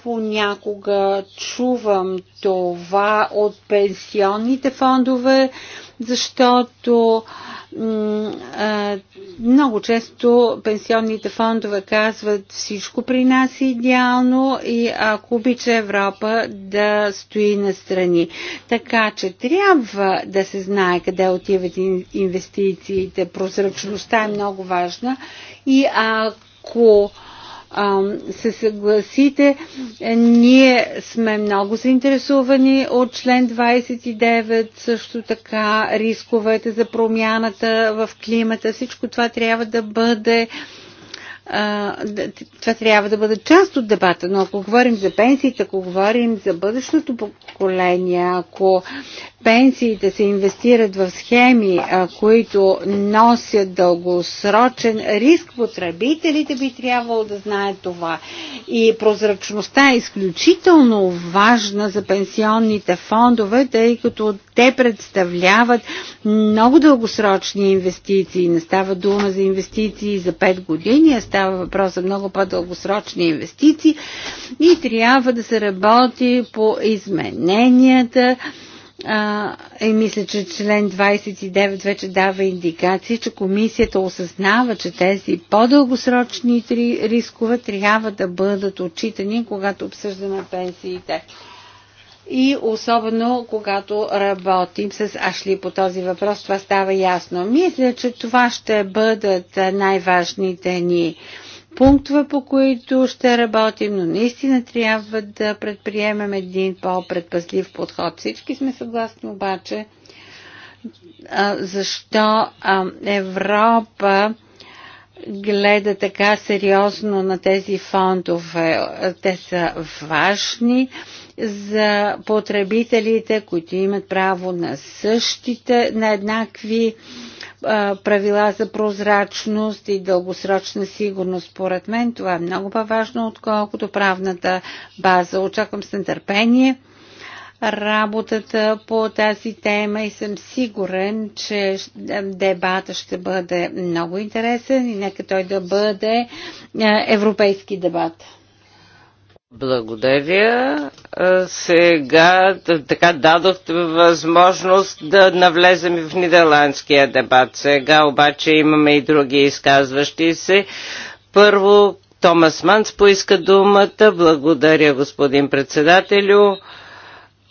понякога чувам това от пенсионните фондове, защото много често пенсионните фондове казват всичко при нас е идеално и ако обича Европа да стои настрани. Така че трябва да се знае къде отиват инвестициите. Прозрачността е много важна и ако се съгласите, е, ние сме много заинтересувани от член 29, също така рисковете за промяната в климата. Всичко това трябва да бъде а, това трябва да бъде част от дебата, но ако говорим за пенсиите, ако говорим за бъдещото поколение, ако пенсиите се инвестират в схеми, които носят дългосрочен риск, потребителите би трябвало да знаят това. И прозрачността е изключително важна за пенсионните фондове, тъй като те представляват много дългосрочни инвестиции. Не става дума за инвестиции за 5 години, а Става въпрос за много по-дългосрочни инвестиции и трябва да се работи по измененията. А, и мисля, че член 29 вече дава индикации, че комисията осъзнава, че тези по-дългосрочни рискове трябва да бъдат отчитани, когато обсъждаме пенсиите и особено когато работим с Ашли по този въпрос, това става ясно. Мисля, че това ще бъдат най-важните ни пунктове, по които ще работим, но наистина трябва да предприемем един по-предпазлив подход. Всички сме съгласни обаче защо Европа гледа така сериозно на тези фондове. Те са важни за потребителите, които имат право на същите, на еднакви а, правила за прозрачност и дългосрочна сигурност. Според мен това е много по-важно, отколкото правната база. Очаквам с нетърпение работата по тази тема и съм сигурен, че дебата ще бъде много интересен и нека той да бъде европейски дебат. Благодаря. Сега така дадохте възможност да навлезем в нидерландския дебат. Сега обаче имаме и други изказващи се. Първо Томас Манц поиска думата. Благодаря, господин председателю.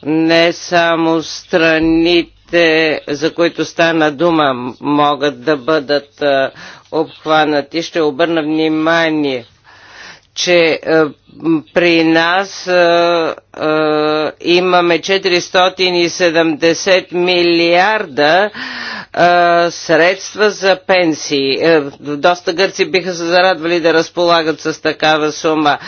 Не само страните, за които стана дума, могат да бъдат обхванати. Ще обърна внимание че е, при нас е, е, имаме 470 милиарда средства за пенсии. Доста гърци биха се зарадвали да разполагат с такава сума.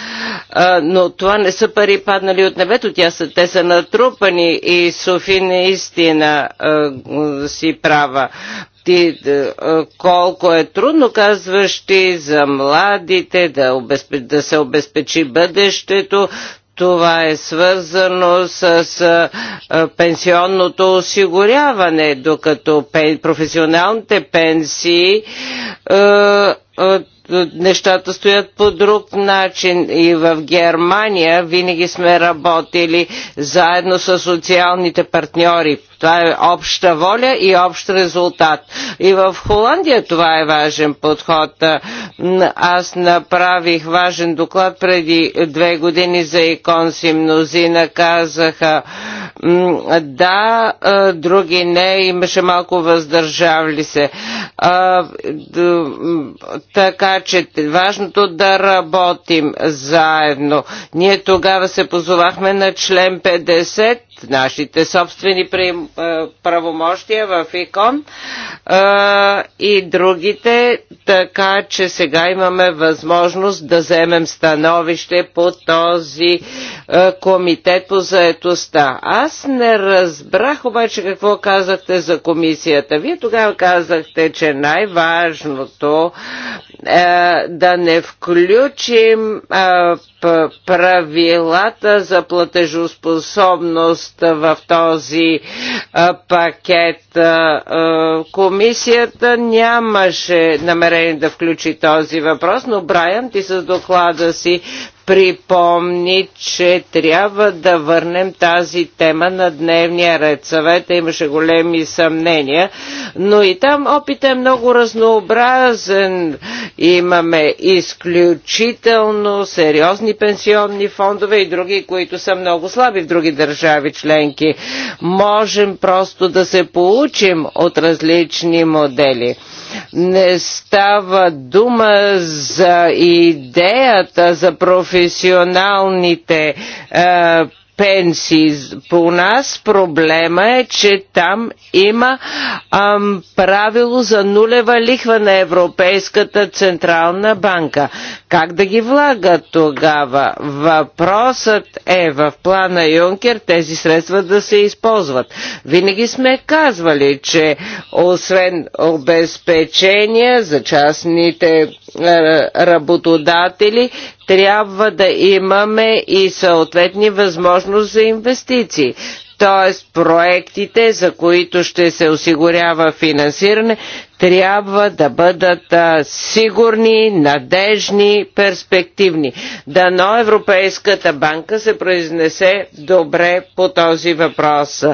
Но това не са пари паднали от небето, тя са, те са натрупани и Софи наистина си права ти, е, е, колко е трудно, казваш ти, за младите да, обезпе, да се обезпечи бъдещето, това е свързано с е, пенсионното осигуряване, докато професионалните пенсии нещата стоят по друг начин. И в Германия винаги сме работили заедно с социалните партньори. Това е обща воля и общ резултат. И в Холандия това е важен подход. Аз направих важен доклад преди две години за иконси. Мнозина казаха да, други не. Имаше малко въздържавли се. Така така е важното да работим заедно. Ние тогава се позовахме на член нашите собствени правомощия в ИКОН и другите, така че сега имаме възможност да вземем становище по този комитет по заетостта. Аз не разбрах обаче какво казахте за комисията. Вие тогава казахте, че най-важното е да не включим правилата за платежоспособност в този пакет. Комисията нямаше намерение да включи този въпрос, но Брайан ти с доклада си припомни, че трябва да върнем тази тема на дневния ред. Съвета имаше големи съмнения, но и там опит е много разнообразен. Имаме изключително сериозни пенсионни фондове и други, които са много слаби в други държави членки. Можем просто да се получим от различни модели. Не става дума за идеята за професионалните е, пенсии. По нас проблема е, че там има ам, правило за нулева лихва на Европейската Централна банка. Как да ги влага тогава? Въпросът е в плана Юнкер тези средства да се използват. Винаги сме казвали, че освен обезпечения за частните е, работодатели, трябва да имаме и съответни възможности за инвестиции т.е. проектите, за които ще се осигурява финансиране, трябва да бъдат сигурни, надежни, перспективни. Дано Европейската банка се произнесе добре по този въпрос.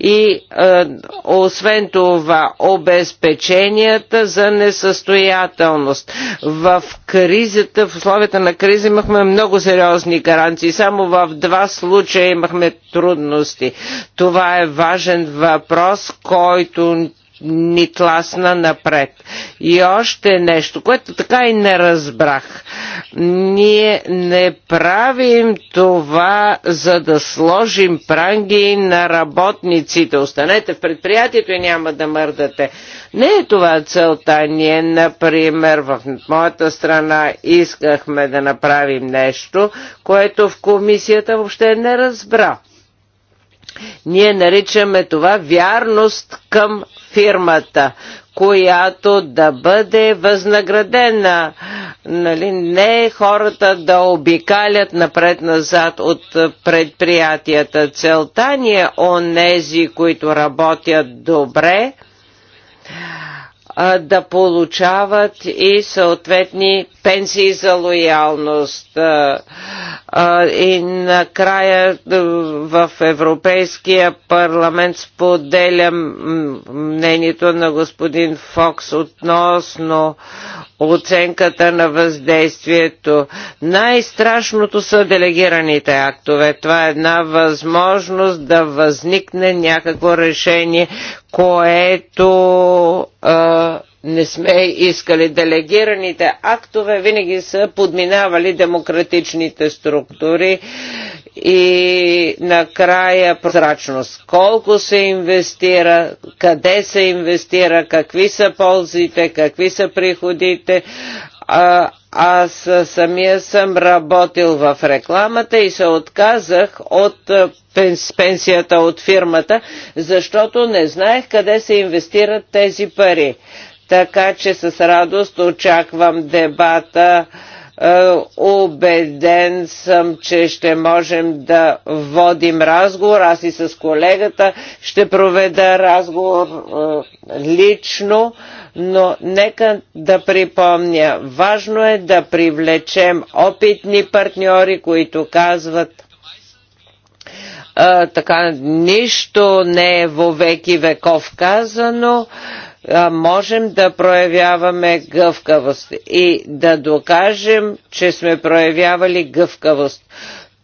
И е, освен това, обезпеченията за несъстоятелност. В кризата, в условията на криза имахме много сериозни гаранции. Само в два случая имахме трудности. Това е важен въпрос, който ни тласна напред. И още нещо, което така и не разбрах. Ние не правим това, за да сложим пранги на работниците. Останете в предприятието и няма да мърдате. Не е това целта. Ние, например, в моята страна искахме да направим нещо, което в комисията въобще не разбра. Ние наричаме това вярност към фирмата, която да бъде възнаградена. Нали, не хората да обикалят напред-назад от предприятията. Целта ни е онези, които работят добре, да получават и съответни пенсии за лоялност. И накрая в Европейския парламент споделям мнението на господин Фокс относно оценката на въздействието. Най-страшното са делегираните актове. Това е една възможност да възникне някакво решение, което не сме искали. Делегираните актове винаги са подминавали демократичните структури и накрая прозрачност. Колко се инвестира, къде се инвестира, какви са ползите, какви са приходите. А, аз самия съм работил в рекламата и се отказах от пенсията от фирмата, защото не знаех къде се инвестират тези пари. Така че с радост очаквам дебата. Убеден съм, че ще можем да водим разговор. Аз и с колегата ще проведа разговор лично но нека да припомня, важно е да привлечем опитни партньори, които казват а, така, нищо не е веки веков казано, можем да проявяваме гъвкавост и да докажем, че сме проявявали гъвкавост.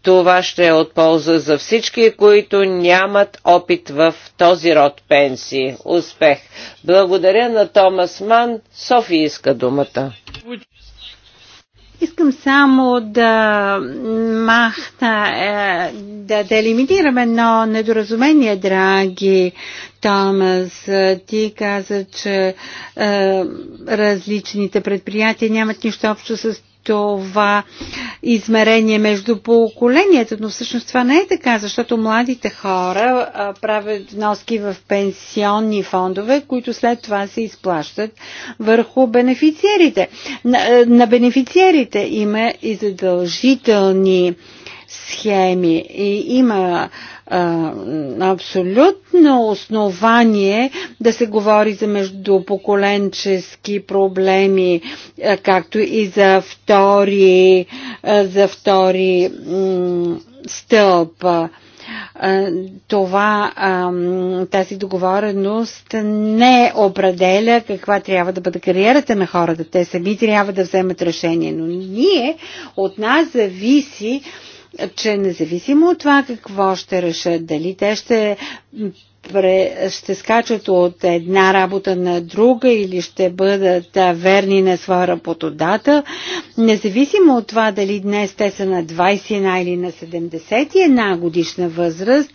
Това ще е от полза за всички, които нямат опит в този род пенсии. Успех! Благодаря на Томас Ман. Софи иска думата. Искам само да махна, е, да, да едно недоразумение, драги Томас. Ти каза, че е, различните предприятия нямат нищо общо с това измерение между поколенията, но всъщност това не е така, защото младите хора правят вноски в пенсионни фондове, които след това се изплащат върху бенефициерите. На, е, на бенефициерите има и задължителни схеми и има абсолютно основание да се говори за междупоколенчески проблеми, както и за втори, за втори стълб. това, тази договореност не определя каква трябва да бъде кариерата на хората. Те сами трябва да вземат решение. Но ние, от нас зависи че независимо от това какво ще решат, дали те ще ще скачат от една работа на друга или ще бъдат верни на своя работодател, независимо от това дали днес те са на 21 или на 71 годишна възраст,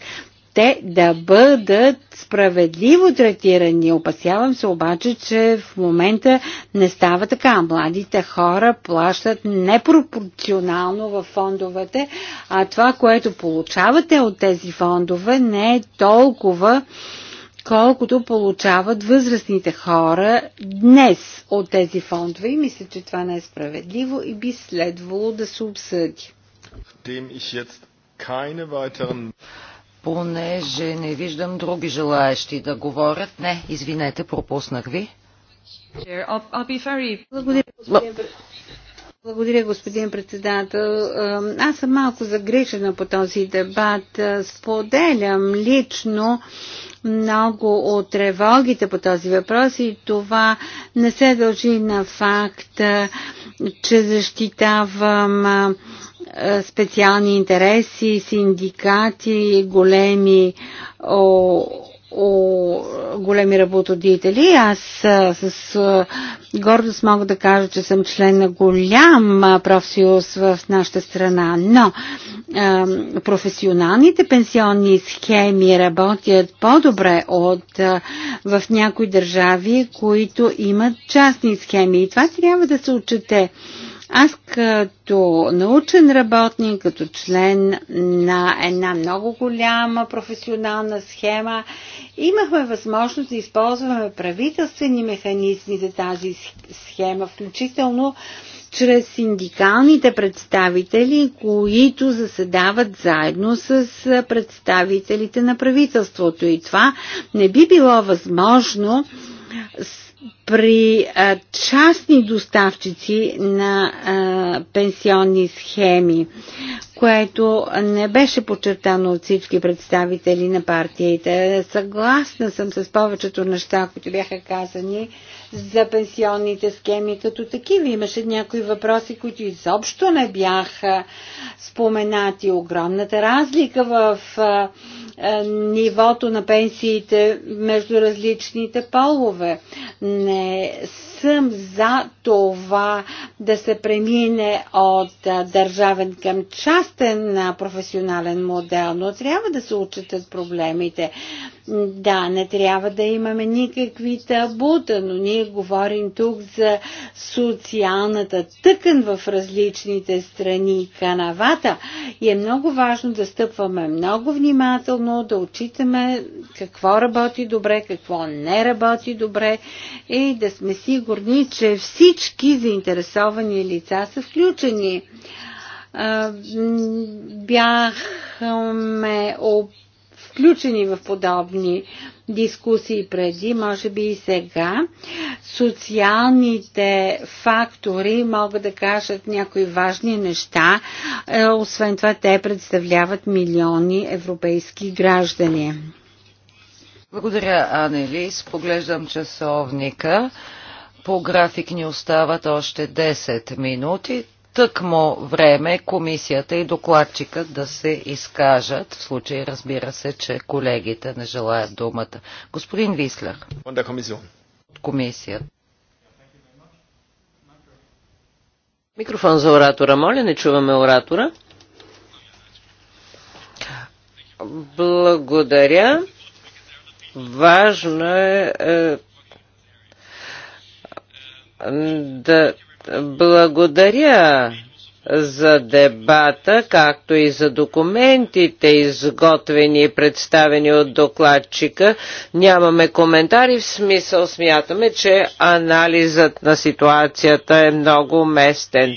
те да бъдат справедливо третирани. Опасявам се обаче, че в момента не става така. Младите хора плащат непропорционално в фондовете, а това, което получавате от тези фондове, не е толкова колкото получават възрастните хора днес от тези фондове и мисля, че това не е справедливо и би следвало да се обсъди понеже не виждам други желаящи да говорят. Не, извинете, пропуснах ви. Благодаря, господин, благодаря, господин председател. Аз съм малко загрешена по този дебат. Споделям лично много от тревогите по този въпрос и това не се дължи на факта, че защитавам е, специални интереси, синдикати, големи, о, о, големи работодители. Аз е, с о, е, гордост мога да кажа, че съм член на голям профсъюз в нашата страна, но а, професионалните пенсионни схеми работят по-добре от а, в някои държави, които имат частни схеми. И това трябва да се отчете. А, аз като научен работник, като член на една много голяма професионална схема, имахме възможност да използваме правителствени механизми за тази схема, включително чрез синдикалните представители, които заседават заедно с представителите на правителството. И това не би било възможно при а, частни доставчици на а, пенсионни схеми, което не беше подчертано от всички представители на партиите. Съгласна съм с повечето неща, които бяха казани за пенсионните схеми като такива. Имаше някои въпроси, които изобщо не бяха споменати. Огромната разлика в нивото на пенсиите между различните полове. Не съм за това да се премине от държавен към частен професионален модел, но трябва да се отчитат проблемите. Да, не трябва да имаме никакви табута, но ние говорим тук за социалната тъкан в различните страни канавата и е много важно да стъпваме много внимателно, да отчитаме какво работи добре, какво не работи добре и да сме сигурни, сигурни, че всички заинтересовани лица са включени. Бяхме включени в подобни дискусии преди, може би и сега. Социалните фактори могат да кажат някои важни неща. Е, освен това, те представляват милиони европейски граждани. Благодаря, Анелис. Поглеждам часовника. По график ни остават още 10 минути. Тъкмо време е комисията и докладчикът да се изкажат, в случай разбира се, че колегите не желаят думата. Господин Вислер. От комисия. Микрофон за оратора. Моля, не чуваме оратора. Благодаря. Важно е, е да благодаря за дебата, както и за документите, изготвени и представени от докладчика. Нямаме коментари, в смисъл смятаме, че анализът на ситуацията е много местен.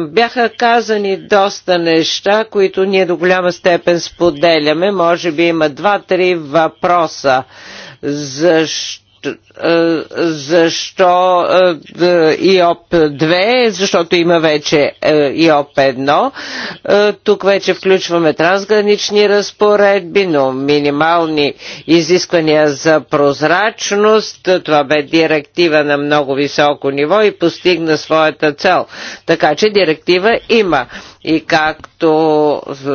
Бяха казани доста неща, които ние до голяма степен споделяме. Може би има два-три въпроса. Защо? Е, защо е, е, ИОП-2, защото има вече ИОП-1. Тук вече включваме трансгранични разпоредби, но минимални изисквания за прозрачност. Това бе директива на много високо ниво и постигна своята цел. Така че директива има. И както е,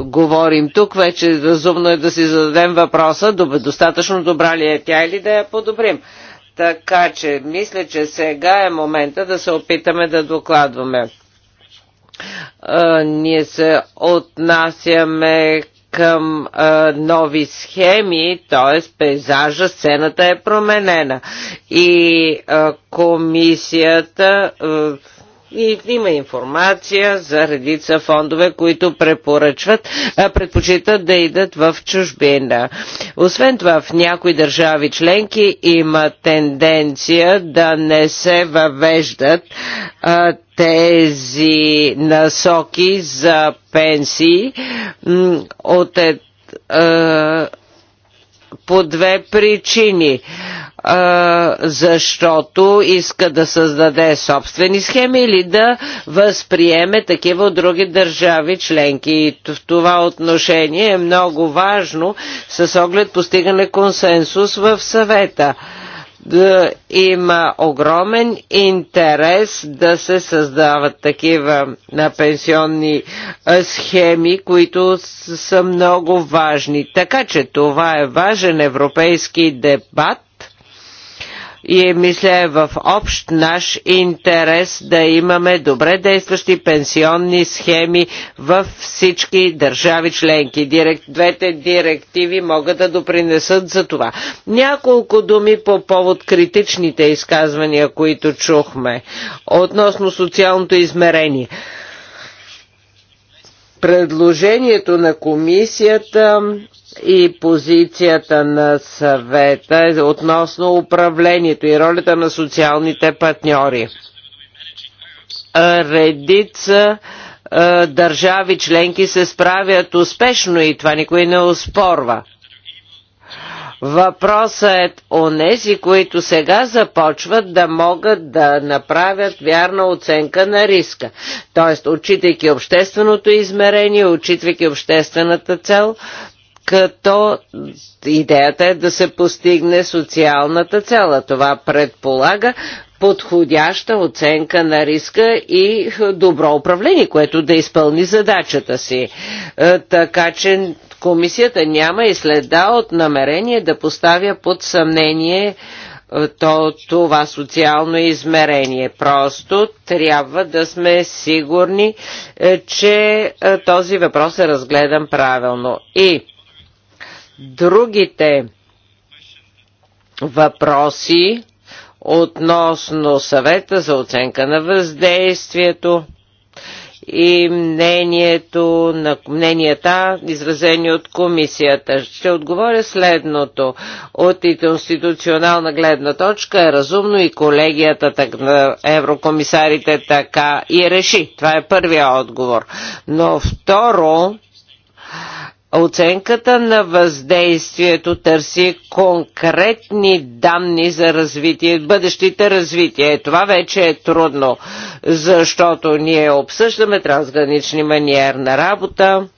говорим тук, вече разумно е да си зададем въпроса, достатъчно добра ли е тя или да я подобрим. Така че, мисля, че сега е момента да се опитаме да докладваме. Е, ние се отнасяме към а, е, нови схеми, т.е. пейзажа, сцената е променена. И а, комисията а, и има информация за редица фондове, които препоръчват, предпочитат да идат в чужбина. Освен това, в някои държави членки има тенденция да не се въвеждат а, тези насоки за пенсии от е, по две причини. А, защото иска да създаде собствени схеми или да възприеме такива от други държави членки. И в това отношение е много важно с оглед постигане консенсус в съвета. А, да има огромен интерес да се създават такива пенсионни схеми, които са много важни. Така че това е важен европейски дебат, и мисля е в общ наш интерес да имаме добре действащи пенсионни схеми в всички държави членки. Директ, двете директиви могат да допринесат за това. Няколко думи по повод критичните изказвания, които чухме относно социалното измерение. Предложението на комисията и позицията на съвета относно управлението и ролята на социалните партньори. Редица е, държави членки се справят успешно и това никой не успорва. Въпросът е о нези, които сега започват да могат да направят вярна оценка на риска. Тоест, отчитайки общественото измерение, отчитайки обществената цел, като идеята е да се постигне социалната цела. Това предполага подходяща оценка на риска и добро управление, което да изпълни задачата си. Е, така че комисията няма и следа от намерение да поставя под съмнение е, то, това социално измерение. Просто трябва да сме сигурни, е, че този въпрос е разгледан правилно. И Другите въпроси относно съвета за оценка на въздействието и мнението на мненията, изразени от комисията. Ще отговоря следното. От институционална гледна точка е разумно и колегията так, на еврокомисарите така и реши. Това е първия отговор. Но второ, Оценката на въздействието търси конкретни данни за развитие, бъдещите развитие. Това вече е трудно, защото ние обсъждаме трансгранични маниер на работа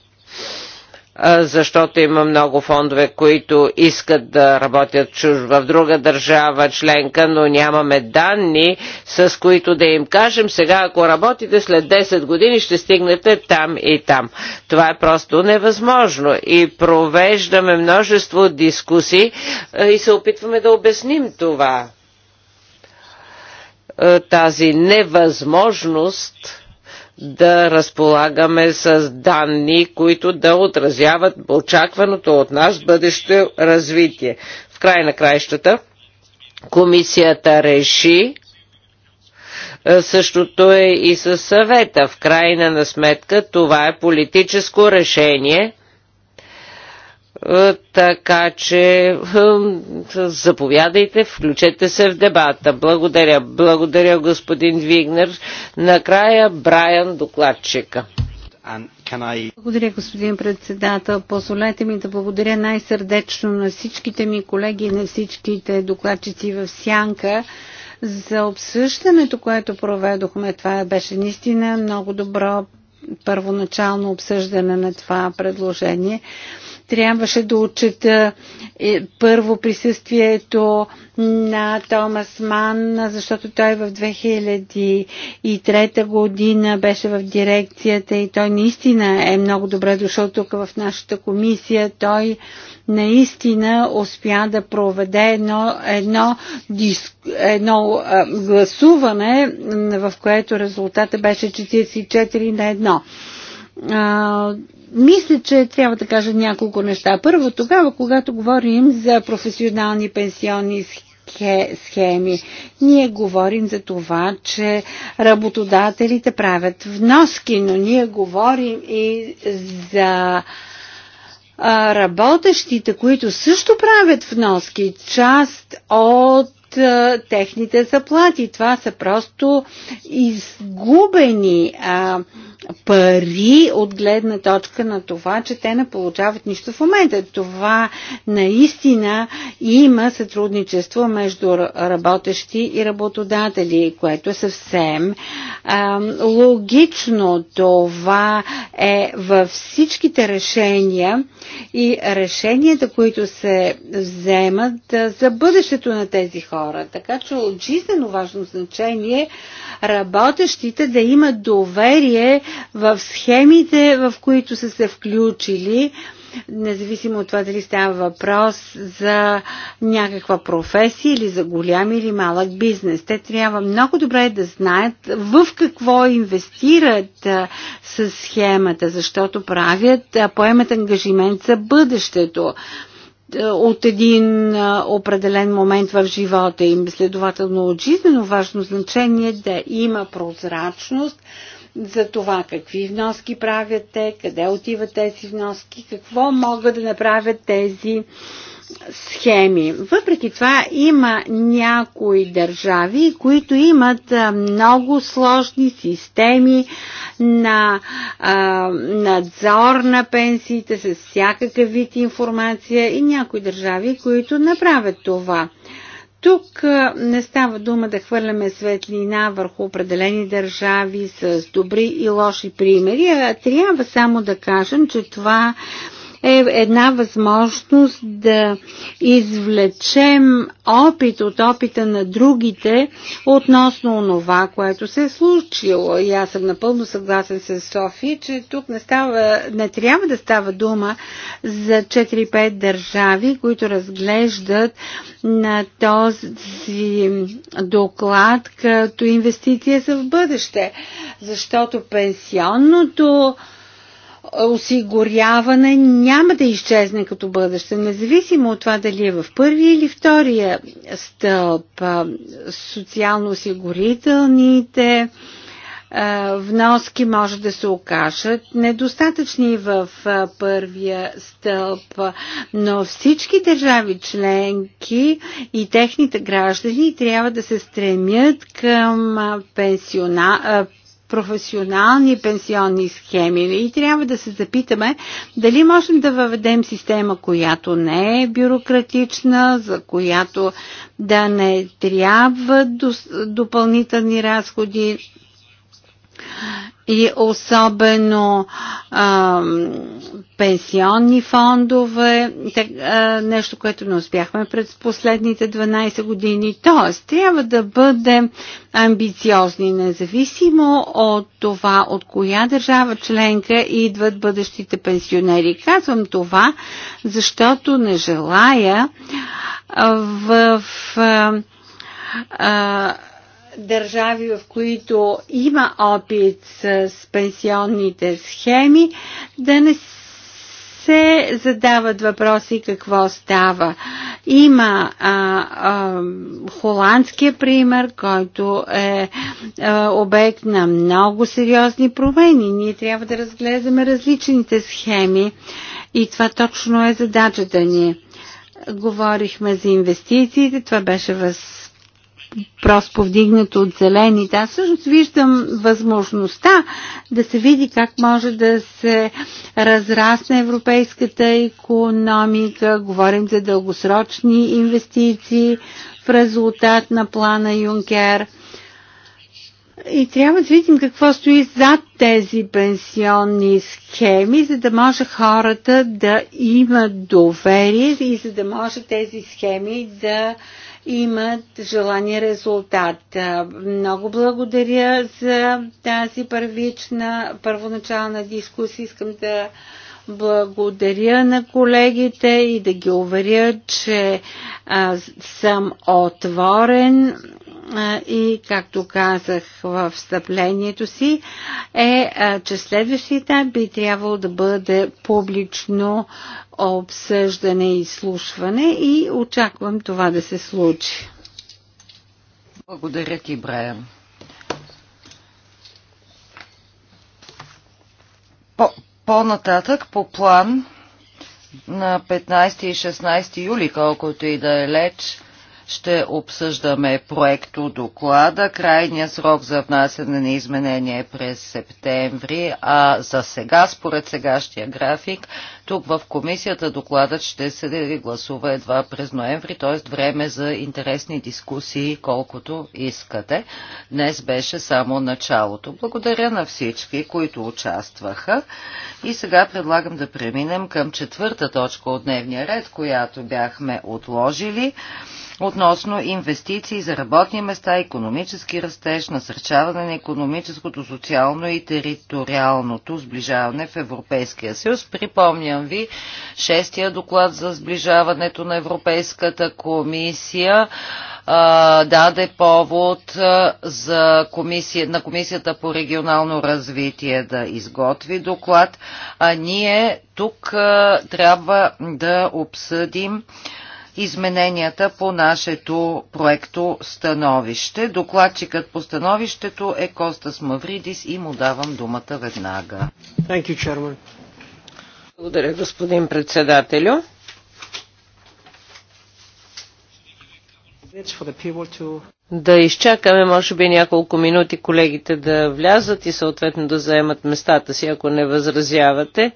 защото има много фондове, които искат да работят чуж в друга държава членка, но нямаме данни, с които да им кажем сега, ако работите след 10 години, ще стигнете там и там. Това е просто невъзможно и провеждаме множество дискусии и се опитваме да обясним това. Тази невъзможност да разполагаме с данни, които да отразяват очакваното от нас бъдеще развитие. В край на краищата комисията реши е, Същото е и със съвета. В крайна на сметка това е политическо решение е, така че заповядайте, включете се в дебата. Благодаря, благодаря господин Вигнер. Накрая Брайан докладчика. I... Благодаря, господин председател. Позволете ми да благодаря най-сърдечно на всичките ми колеги на всичките докладчици в Сянка за обсъждането, което проведохме. Това беше наистина много добро първоначално обсъждане на това предложение трябваше да отчета е, първо присъствието на Томас Ман, защото той в 2003 година беше в дирекцията и той наистина е много добре дошъл тук в нашата комисия. Той наистина успя да проведе едно, едно, диск, едно гласуване, в което резултата беше 44 на 1 а, мисля, че трябва да кажа няколко неща. Първо, тогава, когато говорим за професионални пенсионни схеми, ние говорим за това, че работодателите правят вноски, но ние говорим и за работещите, които също правят вноски, част от а, техните заплати. Това са просто изгубени а, пари от гледна точка на това, че те не получават нищо в момента. Това наистина има сътрудничество между работещи и работодатели, което е съвсем а, логично. Това е във всичките решения и решенията, които се вземат за бъдещето на тези хора хора. Така че от жизнено важно значение работещите да имат доверие в схемите, в които са се включили независимо от това дали става въпрос за някаква професия или за голям или малък бизнес. Те трябва много добре да знаят в какво инвестират с схемата, защото правят, поемат ангажимент за бъдещето. Е, от един е, определен момент в живота им. Следователно от жизнено важно значение е да има прозрачност за това какви вноски правят те, къде отиват тези вноски, какво могат да направят тези схеми. Въпреки това има някои държави, които имат много сложни системи на а, надзор на пенсиите с всякакъв вид информация и някои държави, които направят това. Тук не става дума да хвърляме светлина върху определени държави с добри и лоши примери, а трябва само да кажем, че това е една възможност да извлечем опит от опита на другите относно това, което се е случило. И аз съм напълно съгласен с Софи, че тук не, става, не трябва да става дума за 4-5 държави, които разглеждат на този доклад като инвестиция за в бъдеще. Защото пенсионното осигуряване няма да изчезне като бъдеще, независимо от това дали е в първия или втория стълб. Социално-осигурителните вноски може да се окажат недостатъчни в първия стълб, но всички държави членки и техните граждани трябва да се стремят към пенсиона, професионални пенсионни схеми и трябва да се запитаме дали можем да въведем система, която не е бюрократична, за която да не трябва допълнителни разходи и особено а, пенсионни фондове, так, а, нещо, което не успяхме през последните 12 години. Тоест, трябва да бъдем амбициозни, независимо от това, от коя държава членка идват бъдещите пенсионери. Казвам това, защото не желая в. в а, държави, в които има опит с пенсионните схеми, да не се задават въпроси какво става. Има а, а, холандския пример, който е а, обект на много сериозни промени. Ние трябва да разгледаме различните схеми и това точно е задачата ни. Говорихме за инвестициите, това беше въз Просто повдигнат от зелените. Аз всъщност виждам възможността да се види как може да се разрасне европейската економика. Говорим за дългосрочни инвестиции в резултат на плана Юнкер. И трябва да видим какво стои зад тези пенсионни схеми, за да може хората да имат доверие и за да може тези схеми да имат желания резултат. Е, много благодаря за тази първична, първоначална дискусия. Искам да благодаря на колегите и да ги уверя, че а, съм отворен и, както казах в встъплението си, е, че следващия етап би трябвало да бъде публично обсъждане и изслушване и очаквам това да се случи. Благодаря ти, Брайан. По, по-нататък, по план, на 15 и 16 юли, колкото и да е леч, ще обсъждаме проекто доклада. Крайният срок за внасяне на изменение е през септември, а за сега, според сегашния график, тук в комисията докладът ще се гласува едва през ноември, т.е. време за интересни дискусии, колкото искате. Днес беше само началото. Благодаря на всички, които участваха. И сега предлагам да преминем към четвърта точка от дневния ред, която бяхме отложили относно инвестиции за работни места, економически растеж, насърчаване на економическото, социално и териториалното сближаване в Европейския съюз. Припомням ви шестия доклад за сближаването на Европейската комисия даде повод за комисия, на Комисията по регионално развитие да изготви доклад, а ние тук трябва да обсъдим измененията по нашето проекто становище. Докладчикът по становището е Костас Мавридис и му давам думата веднага. Thank you, chairman. Благодаря, господин председателю. Да изчакаме, може би, няколко минути колегите да влязат и съответно да заемат местата си, ако не възразявате.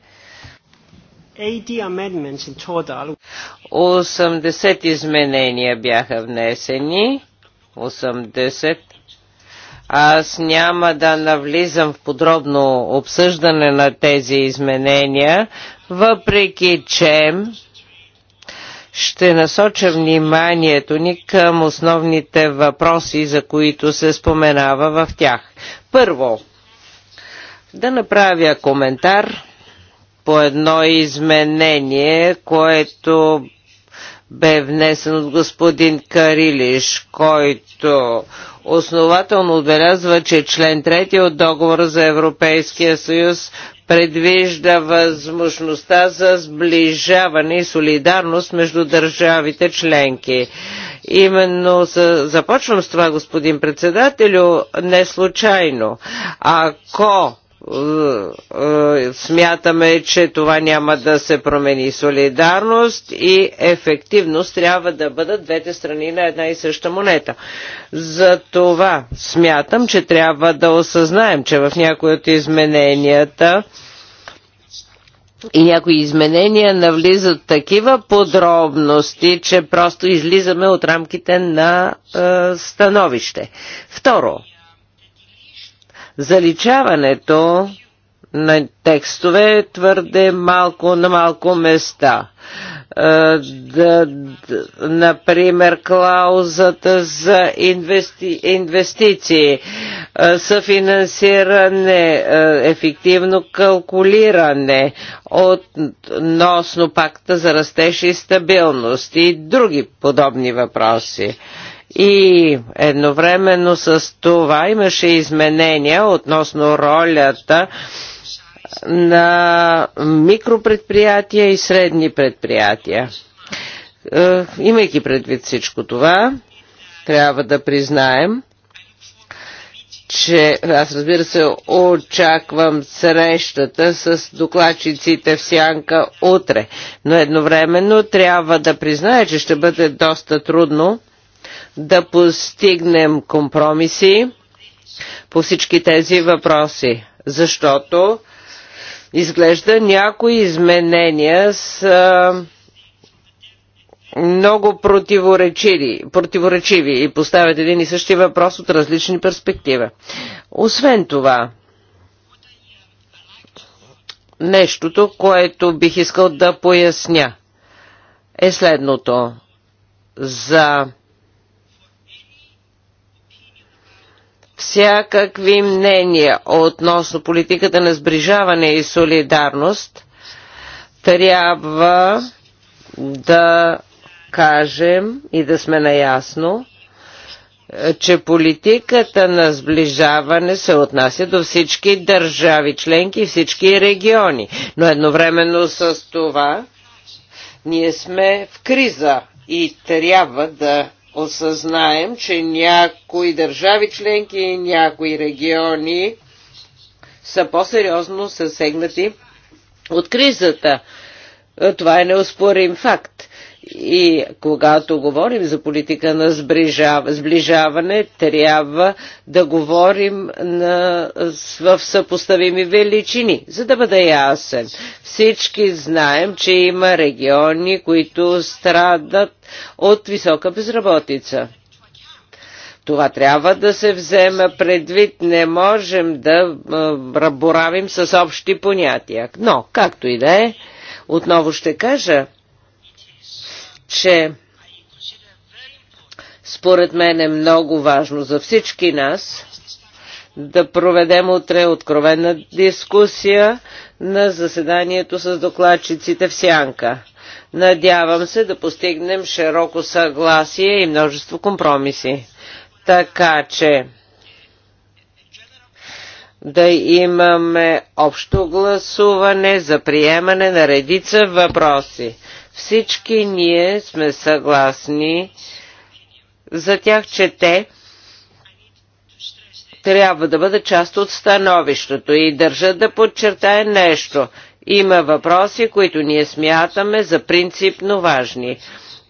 80 изменения бяха внесени. 80. Аз няма да навлизам в подробно обсъждане на тези изменения, въпреки че ще насоча вниманието ни към основните въпроси, за които се споменава в тях. Първо, да направя коментар по едно изменение, което бе внесен от господин Карилиш, който основателно отбелязва, че член 3 от договора за Европейския съюз предвижда възможността за сближаване и солидарност между държавите членки. Именно за... започвам с това, господин председателю, не случайно. Ако е, е, смятаме, че това няма да се промени. Солидарност и ефективност трябва да бъдат двете страни на една и съща монета. За това смятам, че трябва да осъзнаем, че в някои от измененията и някои изменения навлизат такива подробности, че просто излизаме от рамките на е, становище. Второ, Заличаването на текстове е твърде малко на малко места. Е, да, да, например, клаузата за инвести, инвестиции, е, съфинансиране, ефективно калкулиране относно пакта за растеж и стабилност и други подобни въпроси. И едновременно с това имаше изменения относно ролята на микропредприятия и средни предприятия. Е, имайки предвид всичко това, трябва да признаем, че аз разбира се очаквам срещата с докладчиците в Сянка утре, но едновременно трябва да призная, че ще бъде доста трудно да постигнем компромиси по всички тези въпроси, защото изглежда някои изменения са много противоречиви, противоречиви и поставят един и същи въпрос от различни перспектива. Освен това, нещото, което бих искал да поясня, е следното. За всякакви мнения относно политиката на сближаване и солидарност, трябва да кажем и да сме наясно, че политиката на сближаване се отнася до всички държави членки и всички региони. Но едновременно с това ние сме в криза и трябва да осъзнаем, че някои държави членки и някои региони са по-сериозно съсегнати от кризата. Е, това е неоспорим факт. И когато говорим за политика на сближаване, трябва да говорим на, в съпоставими величини, за да бъда ясен. Всички знаем, че има региони, които страдат от висока безработица. Това трябва да се взема предвид. Не можем да боравим с общи понятия. Но, както и да е, отново ще кажа, че според мен е много важно за всички нас да проведем утре откровена дискусия на заседанието с докладчиците в Сянка. Надявам се да постигнем широко съгласие и множество компромиси. Така че да имаме общо гласуване за приемане на редица въпроси. Всички ние сме съгласни за тях, че те трябва да бъдат част от становището и държа да подчертая нещо. Има въпроси, които ние смятаме за принципно важни.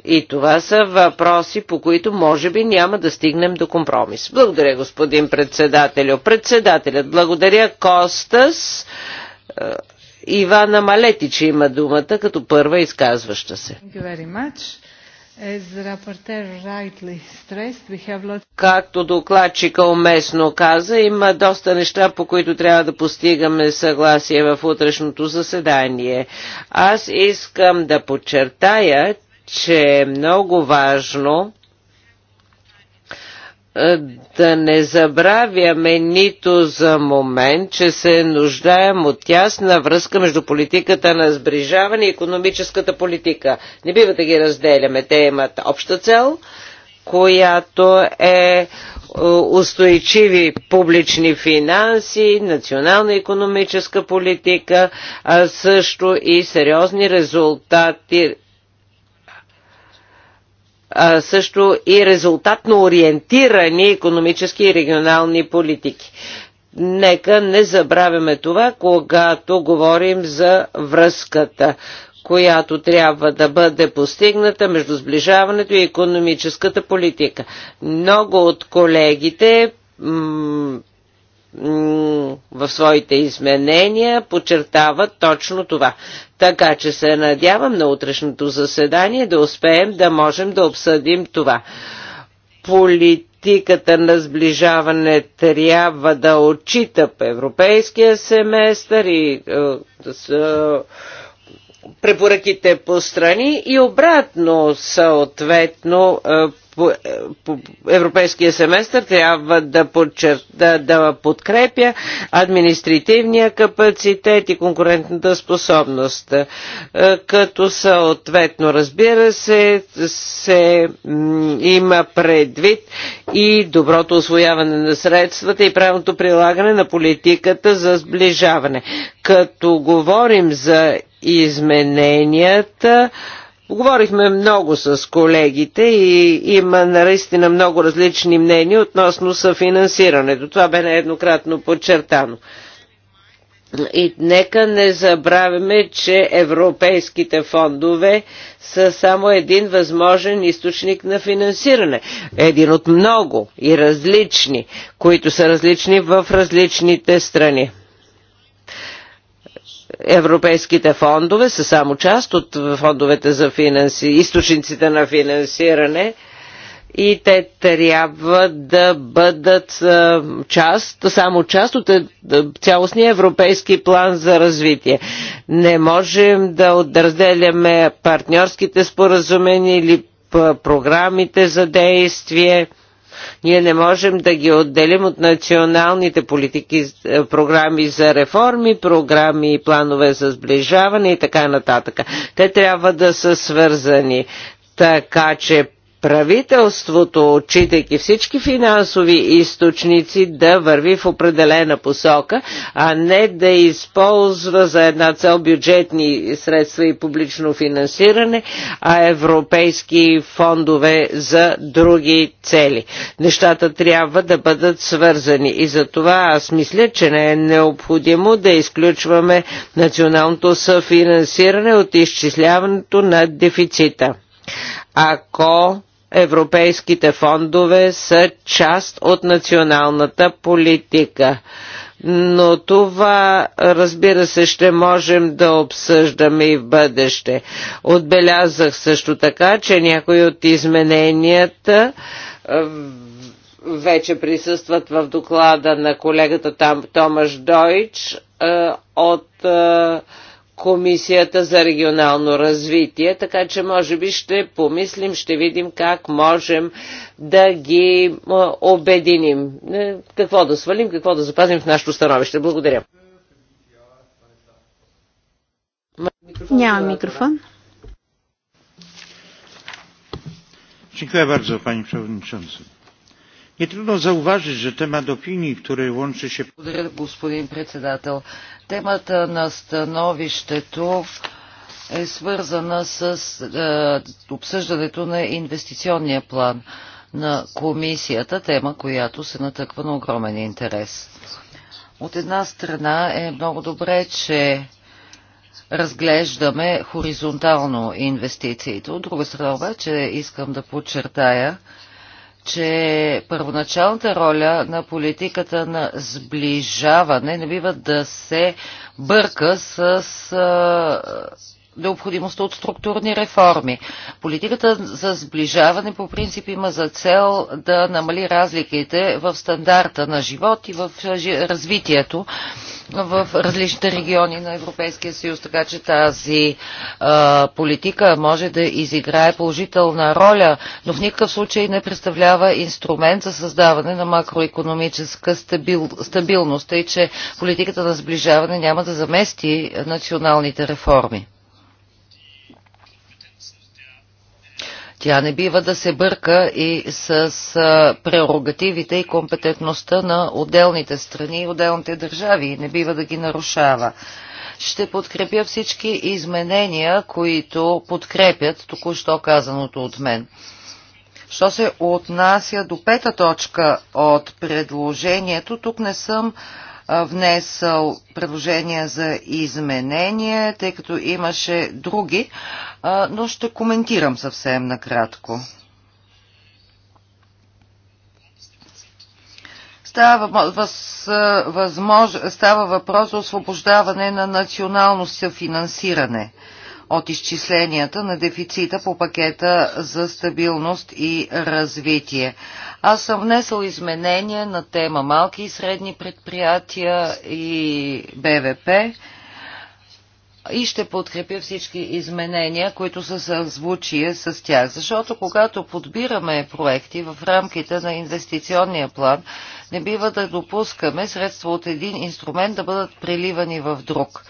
И това са въпроси, по които може би няма да стигнем до компромис. Благодаря, господин председателю. Председателят, благодаря Костас. Ивана Малетич има думата като първа изказваща се. Както докладчика уместно каза, има доста неща, по които трябва да постигаме съгласие в утрешното заседание. Аз искам да подчертая, че е много важно е, да не забравяме нито за момент, че се нуждаем от тясна връзка между политиката на сближаване и економическата политика. Не бива да ги разделяме. Те имат обща цел, която е, е устойчиви публични финанси, национална економическа политика, а също и сериозни резултати също и резултатно ориентирани економически и регионални политики. Нека не забравяме това, когато говорим за връзката, която трябва да бъде постигната между сближаването и економическата политика. Много от колегите в своите изменения подчертават точно това. Така че се надявам на утрешното заседание да успеем да можем да обсъдим това. политиката на сближаване трябва да отчита европейския семестър и е, е препоръките по страни и обратно съответно е, е, по, европейския семестър трябва да, подчер, да, да подкрепя административния капацитет и конкурентната способност, е, като съответно, разбира се, се има предвид и доброто освояване на средствата и правилното прилагане на политиката за сближаване. Като говорим за измененията, Говорихме много с колегите и има наистина много различни мнения относно съфинансирането. Това бе нееднократно подчертано. И нека не забравяме, че европейските фондове са само един възможен източник на финансиране. Един от много и различни, които са различни в различните страни. Европейските фондове са само част от фондовете за финанси, източниците на финансиране и те трябва да бъдат част, само част от е, цялостния европейски план за развитие. Не можем да разделяме партньорските споразумения или програмите за действие – ние не можем да ги отделим от националните политики, е, програми за реформи, програми и планове за сближаване и така нататък. Те трябва да са свързани. Така че правителството, отчитайки всички финансови източници, да върви в определена посока, а не да използва за една цел бюджетни средства и публично финансиране, а европейски фондове за други цели. Нещата трябва да бъдат свързани и за това аз мисля, че не е необходимо да изключваме националното съфинансиране от изчисляването на дефицита. Ако Европейските фондове са част от националната политика. Но това, разбира се, ще можем да обсъждаме и в бъдеще. Отбелязах също така, че някои от измененията е, вече присъстват в доклада на колегата там Томаш Дойч е, от е, Комисията за регионално развитие, така че може би ще помислим, ще видим как можем да ги обединим. Е, какво да свалим, какво да запазим в нашето становище. Благодаря. Няма микрофон. Dziękuję bardzo, Pani Nie trudno zauważyć, że temat opinii, który łączy się... Благодаря, господин председател. Темата на становището е свързана с е, обсъждането на инвестиционния план на комисията, тема, която се натъква на огромен интерес. От една страна е много добре, че разглеждаме хоризонтално инвестициите. От друга страна обаче искам да подчертая, че първоначалната роля на политиката на сближаване не бива да се бърка с необходимостта от структурни реформи. Политиката за сближаване по принцип има за цел да намали разликите в стандарта на живот и в развитието в различните региони на Европейския съюз, така че тази а, политика може да изиграе положителна роля, но в никакъв случай не представлява инструмент за създаване на макроекономическа стабил, стабилност, тъй че политиката на сближаване няма да замести националните реформи. Тя не бива да се бърка и с прерогативите и компетентността на отделните страни и отделните държави и не бива да ги нарушава. Ще подкрепя всички изменения, които подкрепят току-що казаното от мен. Що се отнася до пета точка от предложението, тук не съм внесъл предложения за изменение, тъй като имаше други, но ще коментирам съвсем накратко. Става, възмож, става въпрос за освобождаване на национално съфинансиране от изчисленията на дефицита по пакета за стабилност и развитие. Аз съм внесъл изменения на тема малки и средни предприятия и БВП и ще подкрепя всички изменения, които са съзвучие с тях. Защото когато подбираме проекти в рамките на инвестиционния план, не бива да допускаме средства от един инструмент да бъдат преливани в друг.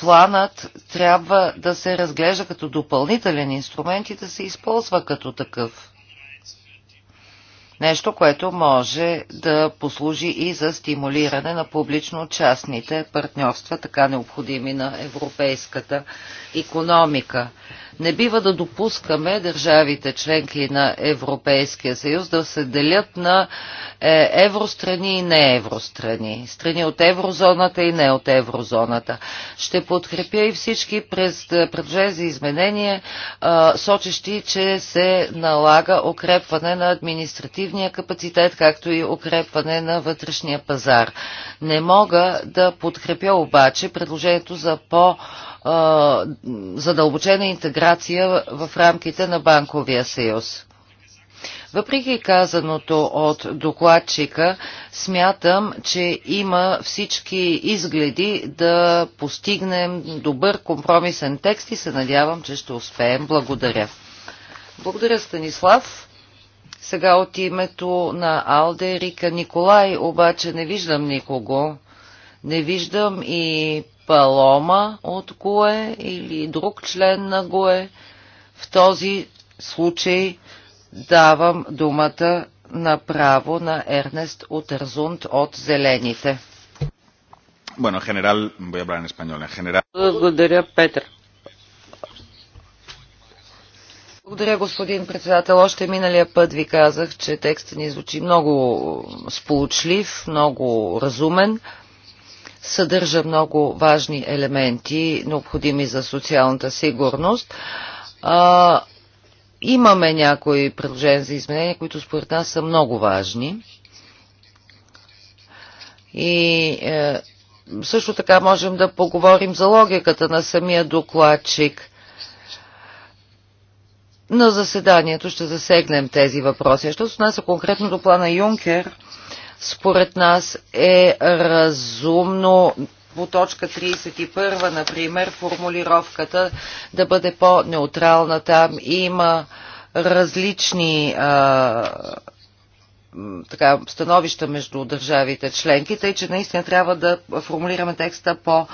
Планът трябва да се разглежда като допълнителен инструмент и да се използва като такъв. Нещо, което може да послужи и за стимулиране на публично-частните партньорства, така необходими на европейската економика. Не бива да допускаме държавите членки на Европейския съюз да се делят на е, евространи и не евространи, страни от еврозоната и не от еврозоната. Ще подкрепя и всички през предложения за изменение, сочещи, че се налага укрепване на административния капацитет, както и укрепване на вътрешния пазар. Не мога да подкрепя обаче предложението за по- задълбочена интеграция в рамките на банковия съюз. Въпреки казаното от докладчика, смятам, че има всички изгледи да постигнем добър компромисен текст и се надявам, че ще успеем. Благодаря. Благодаря, Станислав. Сега от името на Алде Рика Николай, обаче не виждам никого. Не виждам и Палома от ГОЕ или друг член на ГОЕ. В този случай давам думата направо на Ернест Утерзунд от Зелените. Bueno, en general, voy a hablar en español. En general... Благодаря, Петър. Благодаря, господин председател. Още миналия път ви казах, че текстът ни звучи много сполучлив, много разумен съдържа много важни елементи, необходими за социалната сигурност. А, имаме някои предложения за изменения, които според нас са много важни. И е, също така можем да поговорим за логиката на самия докладчик. На заседанието ще засегнем тези въпроси. Що се отнася конкретно до плана Юнкер, според нас е разумно по точка 31, например, формулировката да бъде по-неутрална. Там има различни а, така, становища между държавите членки, тъй че наистина трябва да формулираме текста по-неутрална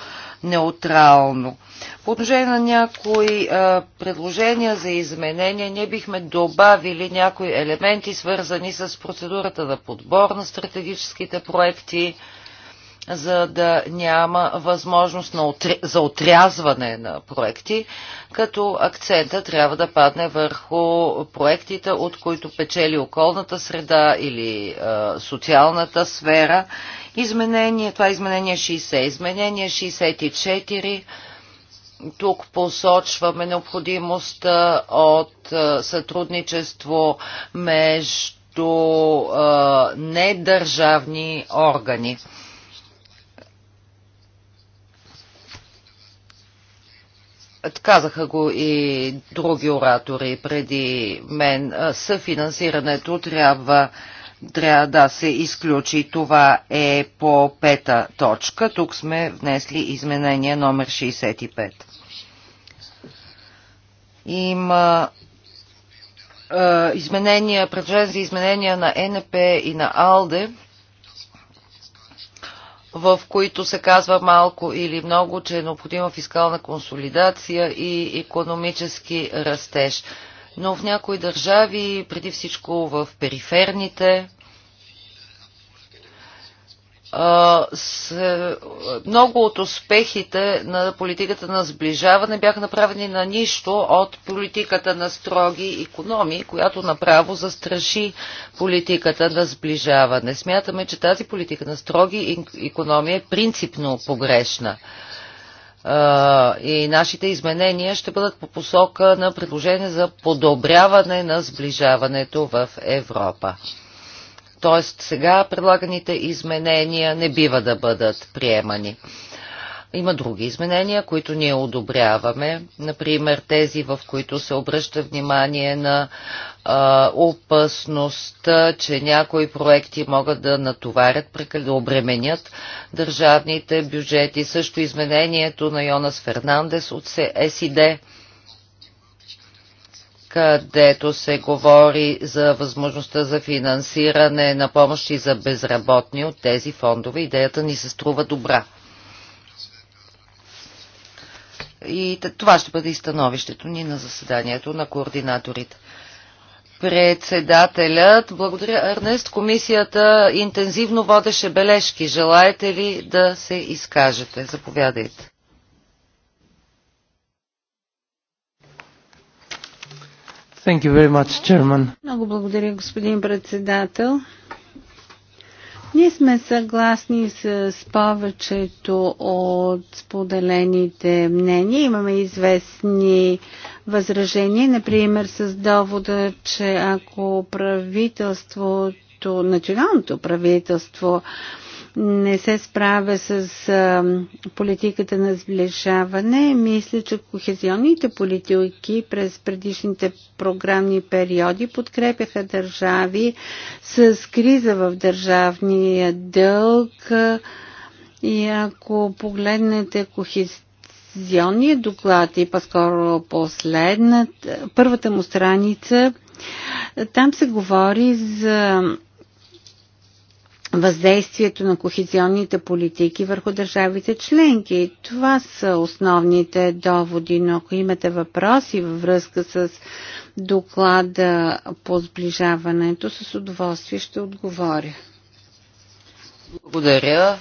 неутрално. По отношение на някои а, предложения за изменения, ние бихме добавили някои елементи, свързани с процедурата на подбор на стратегическите проекти, за да няма възможност на отри... за отрязване на проекти, като акцента трябва да падне върху проектите, от които печели околната среда или е, социалната сфера. Изменение, това е изменение 60, изменение 64. Тук посочваме необходимостта от сътрудничество между недържавни органи. казаха го и други оратори преди мен, съфинансирането трябва трябва да се изключи. Това е по пета точка. Тук сме внесли изменение номер 65. Има е, изменения, предложение за изменения на НП и на АЛДЕ в които се казва малко или много, че е необходима фискална консолидация и економически растеж. Но в някои държави, преди всичко в периферните, много от успехите на политиката на сближаване бяха направени на нищо от политиката на строги економии, която направо застраши политиката на сближаване. Смятаме, че тази политика на строги економии е принципно погрешна. И нашите изменения ще бъдат по посока на предложение за подобряване на сближаването в Европа. Т.е. сега предлаганите изменения не бива да бъдат приемани. Има други изменения, които ние одобряваме, например тези, в които се обръща внимание на а, опасността, че някои проекти могат да натоварят, да обременят държавните бюджети. Също изменението на Йонас Фернандес от СИД където се говори за възможността за финансиране на помощи за безработни от тези фондове. Идеята ни се струва добра. И това ще бъде и становището ни на заседанието на координаторите. Председателят, благодаря Арнест. комисията интензивно водеше бележки. Желаете ли да се изкажете? Заповядайте. Thank you very much, Chairman. Много благодаря, господин председател. Ние сме съгласни с повечето от споделените мнения. Имаме известни възражения, например с довода, че ако правителството, националното правителство, не се справя с политиката на сближаване. Мисля, че кохезионните политики през предишните програмни периоди подкрепяха държави с криза в държавния дълг. И ако погледнете кохезионния доклад и по-скоро последната, първата му страница, там се говори за въздействието на кохезионните политики върху държавите членки. Това са основните доводи, но ако имате въпроси във връзка с доклада по сближаването, с удоволствие ще отговоря. Благодаря.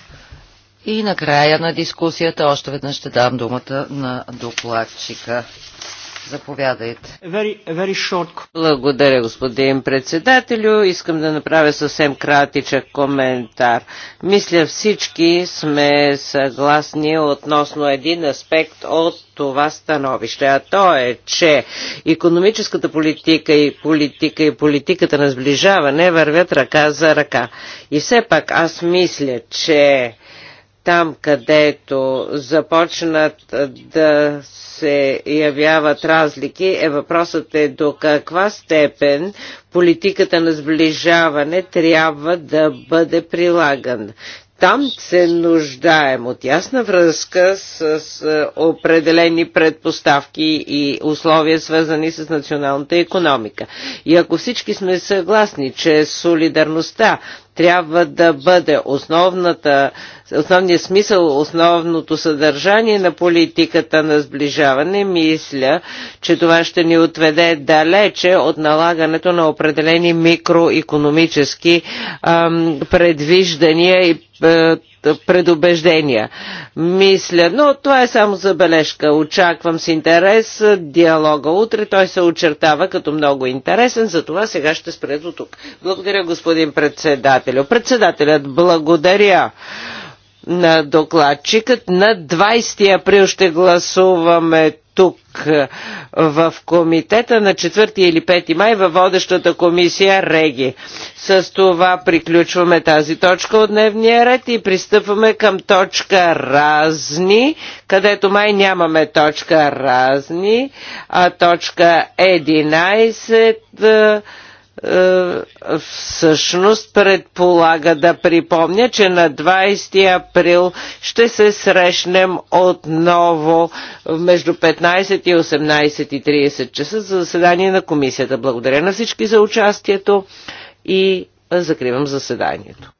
И накрая на дискусията още веднъж ще дам думата на докладчика. Заповядайте. Благодаря, господин председателю. Искам да направя съвсем кратичък коментар. Мисля всички сме съгласни относно един аспект от това становище, а то е, че економическата политика и политика и политиката на сближаване вървят ръка за ръка. И все пак аз мисля, че там, където започнат да се явяват разлики, е въпросът е до каква степен политиката на сближаване трябва да бъде прилаган. Там се нуждаем от ясна връзка с, с е, определени предпоставки и условия, свързани с националната економика. И ако всички сме съгласни, че солидарността трябва да бъде основната, основният смисъл, основното съдържание на политиката на сближаване. Мисля, че това ще ни отведе далече от налагането на определени микроекономически предвиждания и е, предубеждения. Мисля, но това е само забележка. Очаквам с интерес диалога утре. Той се очертава като много интересен, затова сега ще спре до тук. Благодаря, господин председателю. Председателят, благодаря на докладчикът. На 20 април ще гласуваме тук е, в комитета на 4 или 5 май във водещата комисия Реги. С това приключваме тази точка от дневния ред и пристъпваме към точка разни, където май нямаме точка разни, а точка 11 е, всъщност предполага да припомня, че на 20 април ще се срещнем отново между 15 и 18.30 часа за заседание на комисията. Благодаря на всички за участието и закривам заседанието.